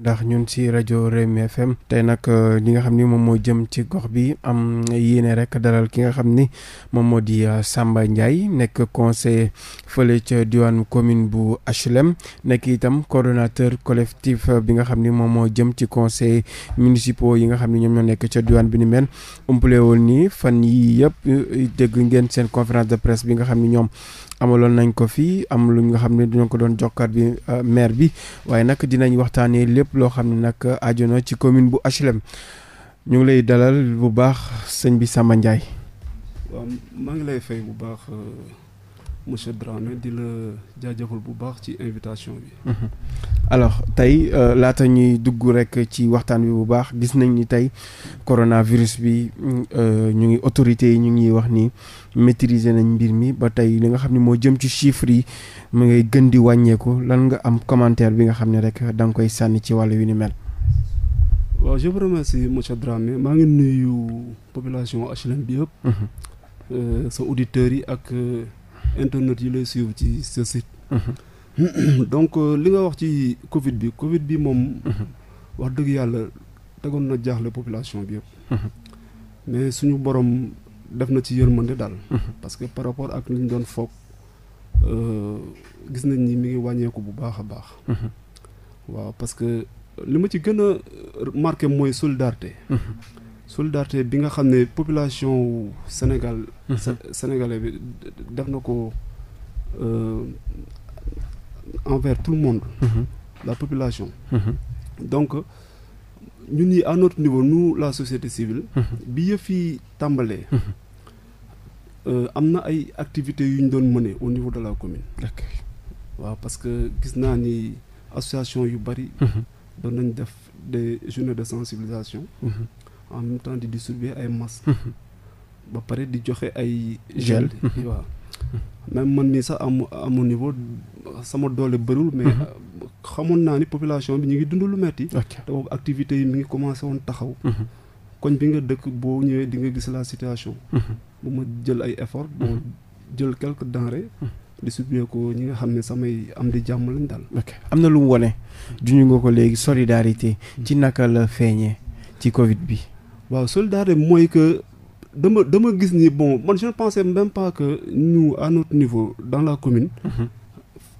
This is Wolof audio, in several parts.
ndax ñun si rajo Rewmi FM tey nag euh, li nga xam ni moom moo jëm ci gox bi am yéene rek dalal ki nga xam ni moom moo di euh, Samba Ndiaye nekk conseiller fële ca diwaanu commune bu lem nekk itam coordonnateur collectif bi nga xam ni moom moo jëm ci conseil municipaux yi nga xam ni ñoom ñoo nekk ca diwaan bi ni mel umpale woon nii fan yii yëpp euh, dégg ngeen seen conférence de presse bi nga xam ni ñoom amaloon nañ ko fii am lu nga xam ne dinañ ko doon jokkaat bi euh, maire bi waaye nag dinañ waxtaanee lépp loo xam ne nag aju ci commune bu HLM ñu ngi lay dalal bu baax sëñ bi Samba Ndiaye. waaw maa ngi lay fay bu baax. Euh, monsieur Dramé di la jaajëfal bu baax ci invitation bi. Mhm. alors tey euh, laata ñuy dugg rek ci waxtaan wi bu baax gis nañ ni tey coronavirus bi euh, ñu ngi autorités yi ñu ngi wax ni maîtriser nañ mbir mi ba tey li nga xam ne moo jëm ci chiffres yi mu ngay gën di wàññeeku lan nga am commentaire bi nga xam ne rek da nga koy sànni ci wàllu yu ni mel. waaw je vous remercie monsieur Dramé maa ngi nuyu population HLM bi yëpp. Mhm. Euh, sa auditeurs yi ak. internet yi lay suivre ci sa site. Mhm. donc euh, li nga wax ci Covid bi Covid bi moom. Mhm. wax dëgg yàlla tegoon na jaaxle population bi yëpp. Mhm. mais suñu borom def na ci yërmande daal. parce que par rapport ak li ñu doon foog euh, gis nañ ni mi ngi wàññeeku bu baax a baax. waaw parce que li ma ci gën a marqué mooy solidarité. solidarité bi nga xam ne population wu Sénégal. Mhm. Sénégalais bi def na ko euh, envers tout le monde. Mhm. la population. Mhm. donc ñu ni à notre niveau nous la société civile. bi yëf yi tàmbalee. Euh, am na ay activités yu ñu doon mëne au niveau de la commune. waaw parce que gis naa ni association yu bari. doon nañ def des journées de sensibilisation. en même di distribuer ay masques. Mhm. ba pare di joxe ay gel waaw même man nii sax am amu niveau sama doole bëriwul mais mhm. xamoon naa ni population bi ñu ngi dund lu metti te boobu activités yi mi ngi commencé woon taxaw mhm. koñ bi nga dëkk boo ñëwee di nga gis laa situation bu ma jël ay effort bon jël quelque denrées distribué ko ñi nga xam ne samay am di jàmm lañ daal am na lu mu wone juñu nga ko léegi solidarité ci naka la feeñee ci covid bi waaw solidarité mooy que dama dama gis ni bon man je ne pensais même pas que ñu à notre niveau dans la commune. Mmh.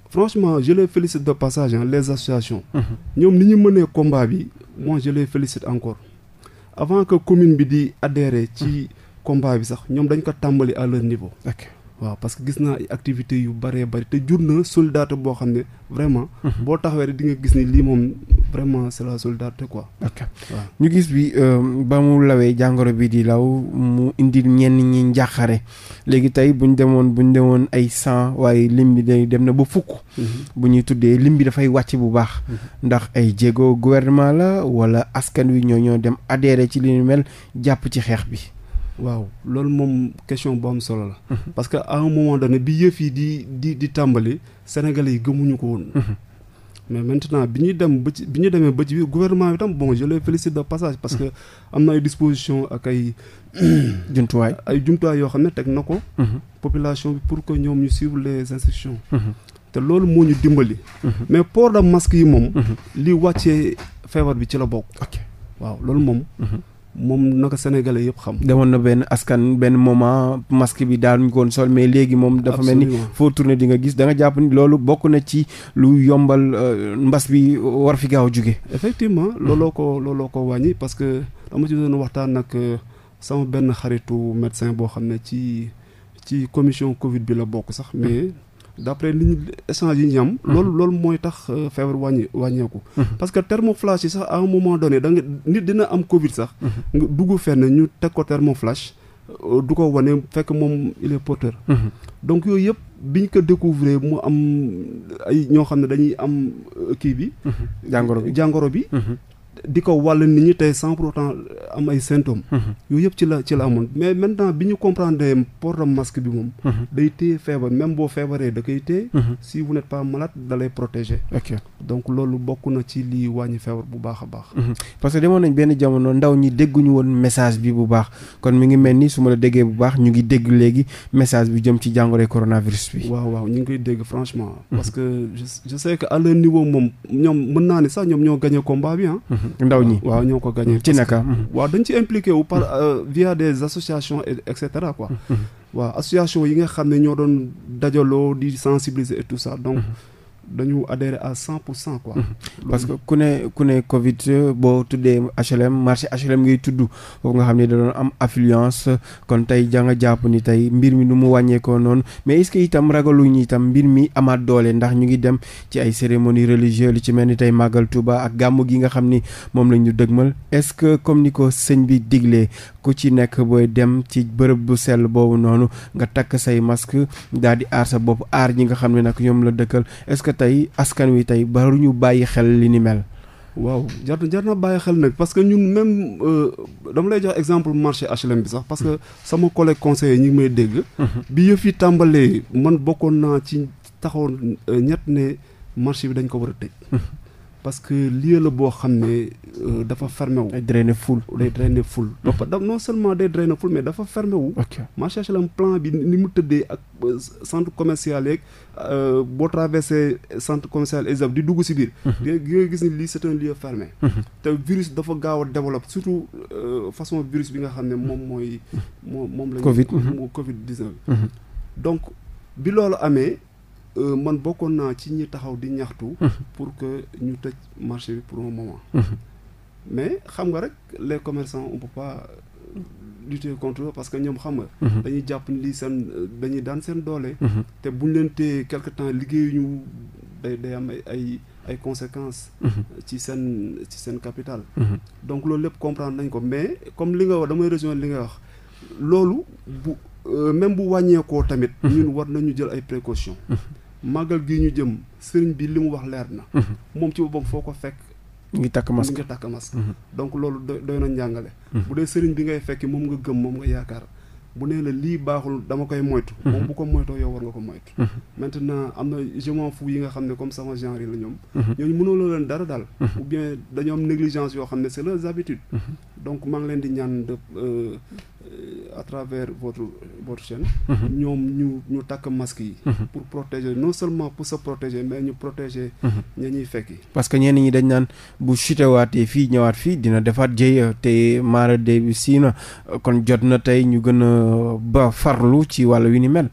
franchement je les félicite de passage hein, les associations. Mhm. ñoom ni ñu mënee combat bi moi je les félicite encore avant que commune bi di adhérer ci mhm. combat bi sax ñoom dañ ko tàmbali à leur niveau. waaw parce que gis naa activité yu bëree bëri te jur na soldate boo xam ne vraiment. Mhm. boo taxawee rek di nga gis ni lii moom vraiment c'est la ko quoi. ok waaw ñu gis bi euh, ba mu lawee jàngoro bi di law mu indi ñenn ñi njàqare léegi tey bu ñu demoon bu ñu demoon ay cent waaye lim bi day dem na ba fukk. Mhm. bu ñuy tuddee lim bi dafay wàcc bu baax. Mhm. ndax ay jéego gouvernement la wala askan wi ñoo ñoo dem adhéré ci li ñu mel jàpp ci xeex bi. waaw loolu moom question bu am solo la. Mhm. parce que en un moment donné bi yëf yi di di di tàmbali Sénégalais yi gëmuñu ko woon. Mhm. mais maintenant bi ñuy dem ba bi ñu demee ba ci biir bi tam bon je les félicite de passage. parce que mhm. am na ay disposition ak ay. jumtuwaay ay jumtuwaay yoo xam ne teg na ko. population bi pour que ñoom ñu suivre les instructions. te loolu moo ñu dimbali. mais port de masque yi moom. li wàccee feebar bi ci la bokk. waaw loolu moom. moom naka sénégalais yëpp xam. demoon na benn askan benn moment masque bi daanuñ ko sol mais léegi moom. dafa mel ni foo tourné di nga gis danga jàpp ni loolu bokk na ci lu yombal euh, mbas bi war fi gaaw jóge. effectivement looloo ko looloo ko wàññi parce que dama ci doon waxtaan nag euh, sama benn xaritu médecin boo xam ne ci ci commission Covid bi la bokk sax mais. d'après li ñu échange yi ñu am. Mhm. loolu loolu mooy tax euh, feebar wàññi wàññeeku. Mhm. parce que thermoflash yi sax à un moment donné da nga nit dina am Covid sax. Mhm. nga dugg fenn ñu teg ko thermoflash. Euh, du ko wane fekk moom il est porteur. donc yooyu yëpp biñ ko découvrir mu am ay ñoo xam ne dañuy am euh, kii bi. jàngoro bi jàngoro bi. di ko wàll nit ñi tey sans pour autant am ay symptômes. Mm-hmm. yooyu yëpp ci la ci la amoon mais maintenant bi ñu comprendre port de masque bi moom. Mm-hmm. day téye feebar même boo feebaree da koy téye. Mm-hmm. si vous n'êtes pas malade da lay donc loolu bokk na ci lii wàññi feebar bu baax a baax. parce que demoon nañ benn jamono ndaw ñi dégguñu woon message bi bu baax kon mi ngi mel ni su ma la déggee bu baax ñu ngi dégg léegi message bu jëm ci jàngoroy coronavirus bi. waaw waaw ñu ngi koy dégg franchement. parce que je je sais que moom ñoom mën naa ne sax ñoom ñoo gagné combat bi ndaw ñi waaw ñoo ko gagné ci naka mhm. waaw dañ ci impliqué wu par mhm. euh, via des associations et cetera quoi mhm. waaw association yi nga xam ne ñoo doon dajaloo di sensibiliser et tout ça donc dañu adhéré à cent pour cent quoi. Mhm. parce que ku ne ku ne Covid boo tuddee HLM marché HLM ngay tudd foofu nga xam ne da doon am affluence kon tey janga jàpp ni tey mbir mi nu mu wàññeekoo noonu mais est-ce itam ragaluñu itam mbir mi amaat doole ndax ñu ngi dem ci ay cérémonie religieuse li ci mel ni tey màggal Touba ak gàmmu gi nga xam ni moom lañ ñu dëgmal est-ce que comme ni ko sëñ bi diglee ku ci nekk booy dem ci bërëb bu sell boobu noonu nga takk say masque daal di aar sa bopp aar ñi nga xam ne nag ñoom la dëkkal est-ce que tey askan wi tey baru ñu bàyyi xel li ni mel. waaw jar na jar na bàyyi xel nag parce que ñun même euh, dama lay jox exemple marché HLM bi sax parce que sama collègue conseiller ñi ngi may dégg. Mhm. bi yëf tàmbalee man bokkoon naa ci taxaw euh, ñett ne marché bi dañ ko war a tëj. Mhm. parce que lieu la boo xam ne euh, dafa fermé wu. day drainer foule day drainer foule. Mm-hmm. donc non seulement day drainer foule mais dafa fermé wu. ok lam plan bi ni mu tëddee ak euh, centre commercial yeeg euh, boo traversé centre commercial exemple di dugg si biir. Mm-hmm. di nga gis ni lii c'est un lieu fermé. Mm-hmm. te virus dafa gaaw a développé surtout façon virus bi nga xam ne moom mooy. moom moom la Covid Covid 19. donc bi loolu amee. Euh, man bokkoon naa ci ñi taxaw di ñaxtu. Mhm. pour que ñu tëj marché bi pour un moment. Mhm. mais xam nga rek les commerçants on peut pas euh, lutter contre parce que ñoom xam nga. Mhm. dañuy jàpp ni lii seen dañuy daan seen doole. te buñ leen te quelque temps ñu day day am ay ay conséquences. ci seen ci seen capital. donc loolu lépp comprendre nañ ko mais comme li nga wax damay région li ngay wax loolu bu euh, même bu wàññeekoo tamit. ñun war nañu jël ay précautions. màggal gi ñu jëm sëriñ bi li mu wax leer na. Mhm. moom ci boppam foo ko fekk. mu ngi takk masque mu ngi takk masque. Mhm. donc loolu doy na njàngale. Mhm. bu dee sëriñ bi ngay fekki moom nga gëm moom nga yaakaar bu nee la lii baaxul dama koy moytu. moom bu ko moytoo yow war nga ko moytu. maintenant am na je m'en yi nga xam ne comme sama genre la ñoom. ñooñu mënuloo leen dara daal. ou bien dañoo am négligence yoo xam ne c'est leurs habitudes. donc maa ngi leen di ñaan de euh, à travers votre votre chaîne. Mhm. ñoom ñu ñu takk masque yi. Mhm. pour protéger non seulement pour se protéger mais ñu protéger. Mhm. ña ñuy fekki. parce que ñenn ñi dañ naan bu chutewaatee fii ñëwaat fii dina defaat jéeya te maara de bi sii na kon jot na tey ñu gën a ba farlu ci wàllu wi ni mel.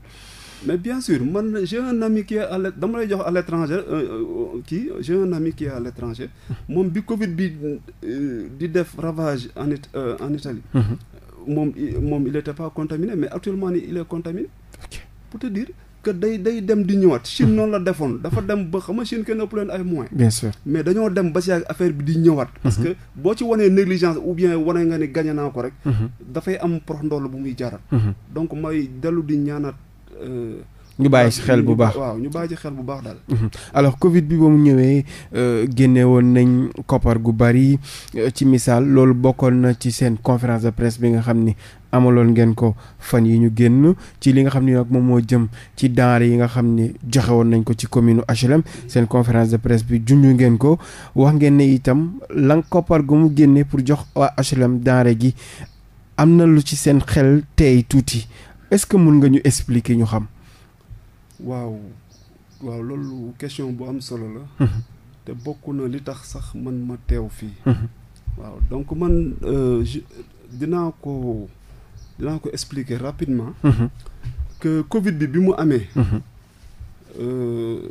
mais bien sûr man j'ai un ami qui est dama jox à l' euh, euh, kii j'ai un ami qui est moom bi Covid bi euh, di def ravage en it en Italie. Mm-hmm. moom moom a était pas contaminé mais actuellement ni il est contaminé. pour te dire que day day dem di ñëwaat. Chine noonu la defoon dafa dem ba xam nga Chine kenn ëpp leen ay moyens. bien sûr mais dañoo dem ba si affaire bi di ñëwaat. Mm-hmm. parce que boo ci wanee négligence ou bien wane nga ni gagné naa ko rek. Mm-hmm. dafay am prox ndool bu muy jaral. donc ñu bàyyi si xel bu baax waaw ñu bàyyi ci xel bu baax daal. Mhm. alors Covid bi ba mu ñëwee euh, génne woon nañ koppar gu bari euh, ci misaal loolu bokkoon na ci seen conférence de presse bi nga xam ni amaloon ngeen ko fan yi ñu génn ci li nga xam ni nag moom moo jëm ci denrées yi nga xam ni joxe nañ ko ci commune HLM seen conférence de presse bi junju ngeen ko wax ngeen ne itam lang koppar gu mu génne pour jox waa HLM denrée gi am na lu ci seen xel tey tuuti est-ce que mun nga ñu expliquer ñu xam. waaw waaw loolu question bu am solo la. te bokk na li tax sax man ma teew fii. waaw donc man euh, dinaa ko dinaa ko expliquer rapidement. que Covid bi bi mu amee. Euh,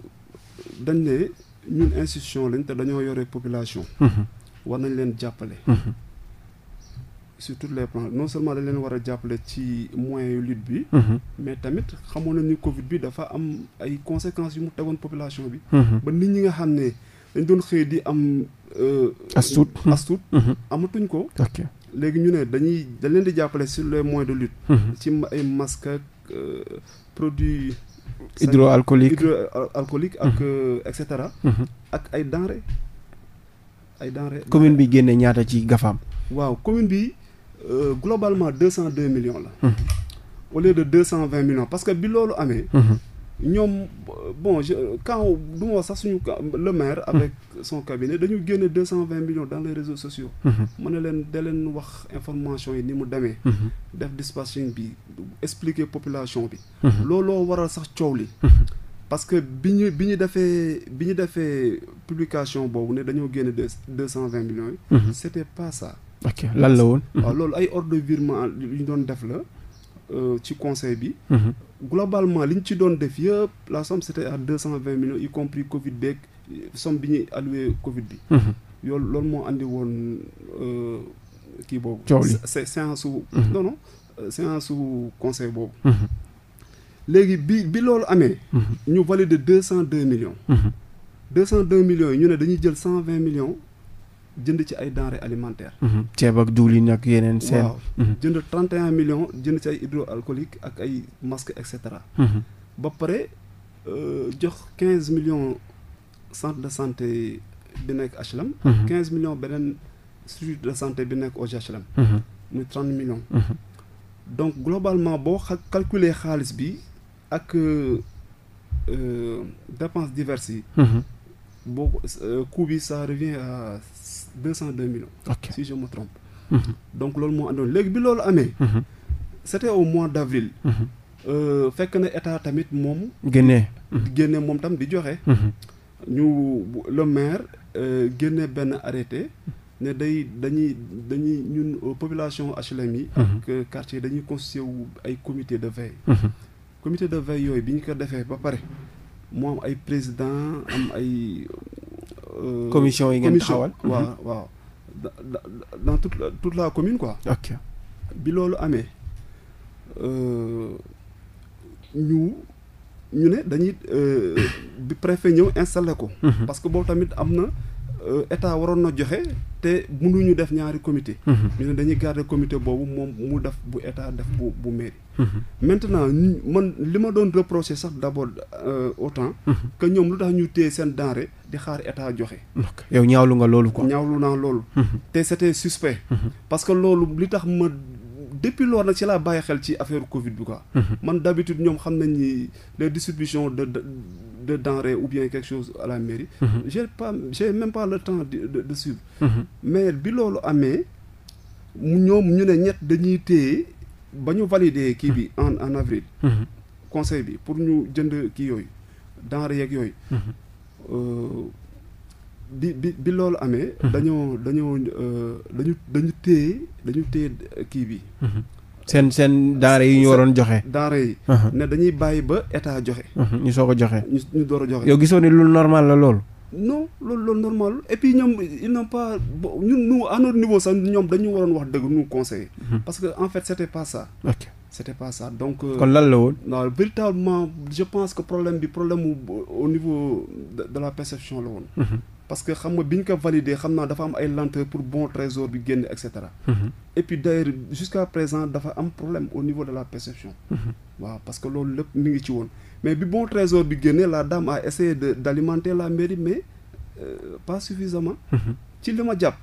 dañ ne ñun institution lañ te dañoo yore population. war nañ leen jàppale. sur tout les plans non seulement dañ leen war a jàppale ci moyens yu bi. Mhm. mais tamit xamoon nañu Covid bi dafa am ay conséquences yu mu tegoon population bi. Mhm. ba nit ñi nga xam ne dañ doon xëy di am. astut euh, astut. Mm-hmm. Mhm. amatuñ ko. léegi ñu ne dañuy dañ di jàppale sur les moyens de lutte. ci ay masques ak euh, produits. hydroalcoolique hydroalcoolique ak euh, et cetera. ak ay denrées ay denrées. commune bi génne ñaata ci gafaam. waaw commune bi. euh, globalement deux cent la. au lieu de deux cent vingt millions parce que bi loolu amee. ñoom bon je quand ma wax sax suñu le maire. avec son cabinet dañu génne deux cent vingt millions dans les réseaux sociaux. mën na leen da wax information yi ni mu demee. def dispatching bi expliquer population bi. looloo waral sax coow li. parce que bi ñu bi ñu defee bi ñu defee publication boobu ne dañoo génne deux deux cent yi. c'était pas ok lan la woon. waaw mhm. loolu ay ordre de ñu doon def la euh, ci conseil bi. Mhm. globalement li ñu ci doon def yëpp la somme c'était à deux cent vingt millions y compris Covid beeg somme bi ñuy alloué Covid bi. Mhm. yoolu loolu moo andi woon euh, kii boobu. coow li séance su. non euh, su conseil boobu. léegi bi bi loolu amee. ñu validé deux cent deux million deux cent deux millions yi ñu ne dañuy jël cent vingt millions. jënd ci ay denrées alimentaires. Mhm. ceeb ak diwlin ak yeneen seen. waaw mhm. jënd 31 millions jënd ci ay hydroalcoolique ak ay masques et mhm. ba pare euh, jox 15 centre de santé bi nekk HLM. 15 millions beneen structure de santé bi nekk OGHLM. muy 30 millions. donc globalement boo xa calculer xaalis bi ak euh, euh, dépenses diverses yi. boo coût bi ça revient deux cent deux millions okay. si je me trompe mhm. donc loolu moo àndoon léegi bi loolu amee mhm. c'était au mois d'avril mhm. euh, fekk na état tamit moom génnee génne moom tam di joxe ñu le maire euh, génne benn arrêté ne day dañuy dañuy ñun euh, population HLM yi ak quartier dañuy constitué wu ay comité de veille comité de veille yooyu bi ñu ko defee ba pare moo am ay président am ay Euh, commission yi ngeen taxawal waaw mhm. waaw dans toute la tout la commune quoi. ok bi loolu amee euh, ñu ñu ne dañuy euh, bi préfet ñëw installé ko. Mhm. parce que boobu tamit am na. Euh, état waroon na joxe te ñu def ñaari comité mhm. ñu ne dañuy garder comité boobu moom mu def bu état def bu bu mairie mhm. maintenant man li ma doon reproché sax d'abord euh, autant mhm. que ñoom lu tax ñu téye seen denrée di xaar état joxe yow ñaawlu nga loolu quoi ñaawlu naa loolu te c'était suspect parce que loolu li tax ma depuis lool nag ci laa bàyyi xel ci affaire Covid bi quoi man d'habitude ñoom xam nañ ni les de de denrées ou bien quelque chose à la mairie. Mm -hmm. j'ai pas j'ai le temps de suivre. Mm-hmm. mais bi loolu amee ñoom ñu ne ñett dañuy téye ba ñu valider kii bi en en avril. Mm-hmm. conseil bi pour ñu jënd ki yooyu denrées yeeg yooyu. Mm-hmm. Euh, bi bi bi loolu amee. dañoo dañoo euh, dañu dañu téye dañu téye kii bi. seen seen daara yi ñu waroon joxe. daara yi. Uh-huh. ne dañuy bàyyi ba état joxe. Uh-huh. ñu soo a joxe. ñu door a joxe. yow gisoo ne loolu normal la loolu. non loolu loolu normal et puis ñoom ils n'ont pas bon ñun nous à notre niveau sax ñoom dañu waroon wax dëgg ñu conseiller. Uh-huh. parce que en fait c'était pas ça. ok c'était pas ça donc. Euh, kon lan la woon. non véritablement je pense que problème bi problème mu au niveau de la perception la woon. parce que xam nga bi ñu ko validé xam naa dafa am ay lenteur pour bon trésor bi génn et cetera. Mhm. et puis d'ailleurs jusqu'à présent dafa am problème au niveau de la perception. Mhm. waaw parce que loolu lépp mi ngi ci woon mais bi bon trésor bi génnee la dame a essayé de d'alimenter la mairie mais euh, pas suffisamment. Mhm. ci li ma jàpp.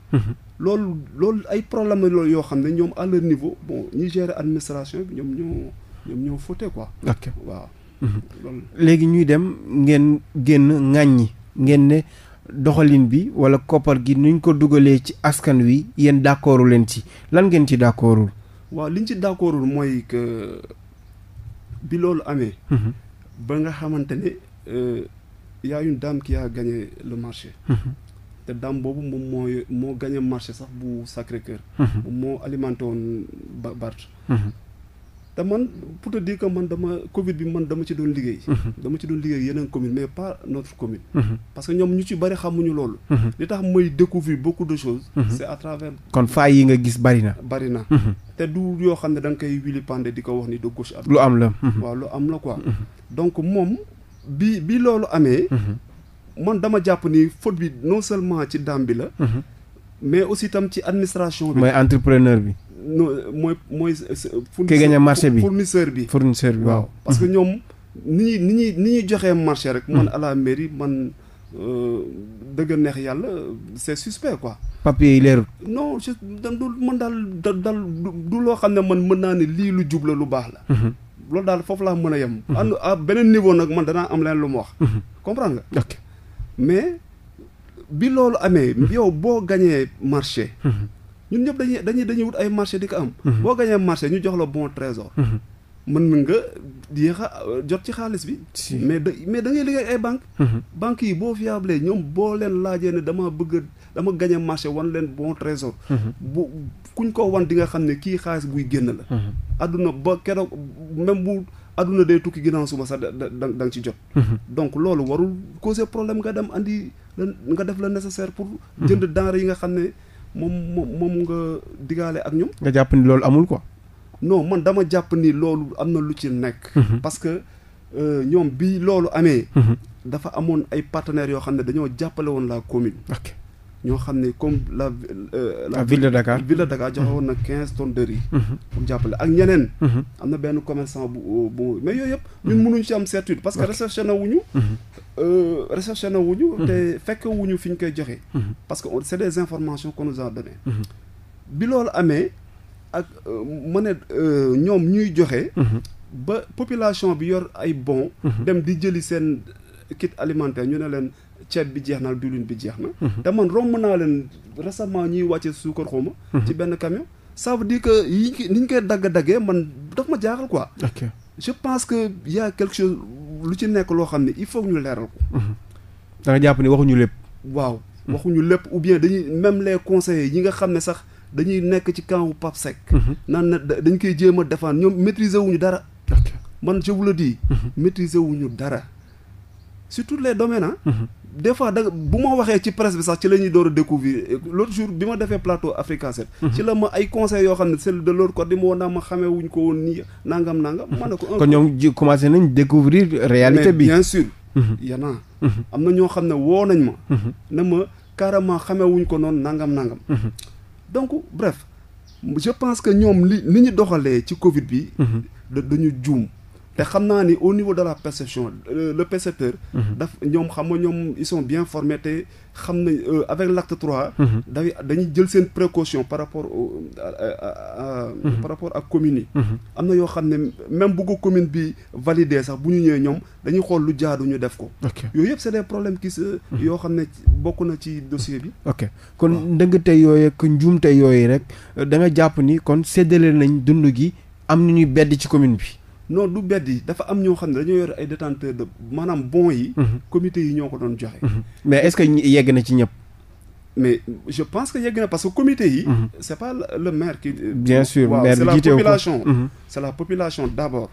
loolu loolu ay problème loolu yoo xam ne ñoom à leur niveau bon ñi gérer administration bi ñoom ñoo ñoom ñoo fauté quoi. ok waaw. léegi ñuy dem ngeen génn ŋàññi ngeen doxalin bi wala koppar gi nuñ ko dugalee ci askan wi yéen d'accordu leen ci lan ngeen ci d'accordul waaw li ñu ci d'accordul mooy que bi loolu amee mhm. ba nga xamante ne euh, y a une dame qui le marché mhm. te dame boobu moom mooy moo gagné marché sax bu Sacré-Cœur mhm. moo alimenté woon Barth te man pour te dire man dama Covid bi man dama ci doon liggéey. Mhm. dama ci doon liggéey yeneen commune mais pas notre commune. Mhm. parce que ñoom ñu ci bari xamuñu loolu. Mhm. li tax may découvrir beaucoup de choses. c'est à travers. kon faay yi nga gis bari na. bari na te du yoo xam ne da nga koy wili pande di ko wax ni de gauche à droite. lu am la. waaw lu am la quoi. donc moom bi bi loolu amee. man dama jàpp ni faute bi non seulement ci daam bi la. mais aussi tam ci administration bi. mooy entrepreneur bi. non mooy mooy. ki marché bi fournisseur bi. fournisseur bi waaw. parce que mhm. ñoom ni ñuy ni ñuy ni ñuy joxee marché rek. man mhm. à la mairie man euh, dëgg neex yàlla c'est suspect quoi. papier yi leerul. non je man daal da du loo xam ne man mën naa ne lii lu jub la lu baax la. Mhm. loolu daal foofu laa mën a yem. ànd à beneen niveau nag man danaa am leen lu mu wax. comprendre nga. ok mais bi loolu amee. yow boo gañee marché. ñun ñëpp dañuy dañuy dañuy wut ay marché di ko am. Mhm. boo gañee marché ñu jox la bon trésor. Mhm. mën nga yéex a euh, jot ci xaalis bi. mais da mais da ngay liggéey ay banque mhm. banques yi boo fiable ñoom boo leen laajee ne dama bëgg dama gañe marché wan leen bon trésor. bu kuñ ko wan di nga xam ne kii xaalis buy génn la. adduna ba keroog même bu. aduna day tukki ginnaaw suba sax da da da nga ci jot. donc loolu warul causer problème nga dem andi nga def la nécessaire pour. jënd denrée yi nga moom moom nga digaale ak ñoom. nga jàpp ni loolu amul ko non man dama jàpp ni loolu am na lu ci nekk. Mhm. parce que euh, ñoom bi loolu amee. Mhm. dafa amoon ay partenaires yoo xam ne dañoo jàppale woon la commune. Okay. ñoo xam ne comme euh, la. la ville de Dakar ville de Dakar mm-hmm. joxe woon na quinze tonnes de riz. Mm-hmm. pour jàppale ak ñeneen. Mm-hmm. am na benn commerçant bu euh, bu mais yooyu yëpp. ñun mënuñ ci am certitude parce que recherché na wuñu. Euh, recherché te fekk wuñu fi ñu koy joxe. parce que c'est des informations qu'on nous a données. bi loolu amee ak ma ne ñoom ñuy joxe. ba population bi yor ay bon. dem di jëli seen kit alimentaire ñu ne leen. ceeb bi jeex na diwlin bi jeex na. Mhm. te man romb naa leen récemment ñuy wàcce suukar xaw ma. Mhm. ci benn camion. sa veut dire que yi ni ñu koy dagg-daggee man dox ma jaaxal quoi. ok je pense que y a quelque chose lu ci nekk loo xam ne il faut ñu leeral ko. Mhm. da jàpp ni waxuñu lépp. waaw waxuñu lépp ou bien dañuy même les conseillers yi nga xam ne sax dañuy nekk ci camp Pape Seck. naan na dañ koy jéem a défendre ñoom maîtriser wuñu dara. man je vous le dis. wuñu dara. sur les domaines des fois da bu ma waxee ci presse bi sax ci la ñuy door a découvrir l'autre jour bi ma defee plateau Africa 7 mhm. ci la ma ay conseils yoo xam ne celle de l'autre côté di ma woon naa ma xamee wuñ ko woon nii nangam nangam ma ko bi bien mhm. mhm. na ñoo xam ne woo nañ ma ne ma carrément ko noonu nangam nangam donc bref pense que ñoom li li ñu doxalee ci Covid bi dañu juum te xam naa ni au niveau de la perception euh, le percepteur mhm. daf ñoom xam nga ñoom ils sont bien formés te xam na euh, avec l'acte trois mhm. dafay dañuy jël seen précaution par rapport mhm. par rapport ak commune yi am na yoo xam ne même bu commune bi validé sax bu ñu ñëwee ñoom dañuy xool lu jaadu ñu def ko yooyu yëpp c'est problème problèmes qui yoo xam ne bokk na ci dossier bi ok kon ndëngte yooyu ak njuumte yooyu rek euh, da jàpp ni kon séddale nañ dund gi am na ñuy bedd ci commune bi non du bedd yi dafa am ñoo xam ne dañoo yor ay détenteur de maanaam bon yi. Mhm. comité yi ñoo ko doon joxe. Mhm. mais est-ce que yegg na ci ñëpp. mais je pense que yegg na parce que comité yi. Mhm. c'est pas le maire qui. bien sûr maire bi la population. c'est la population d'abord.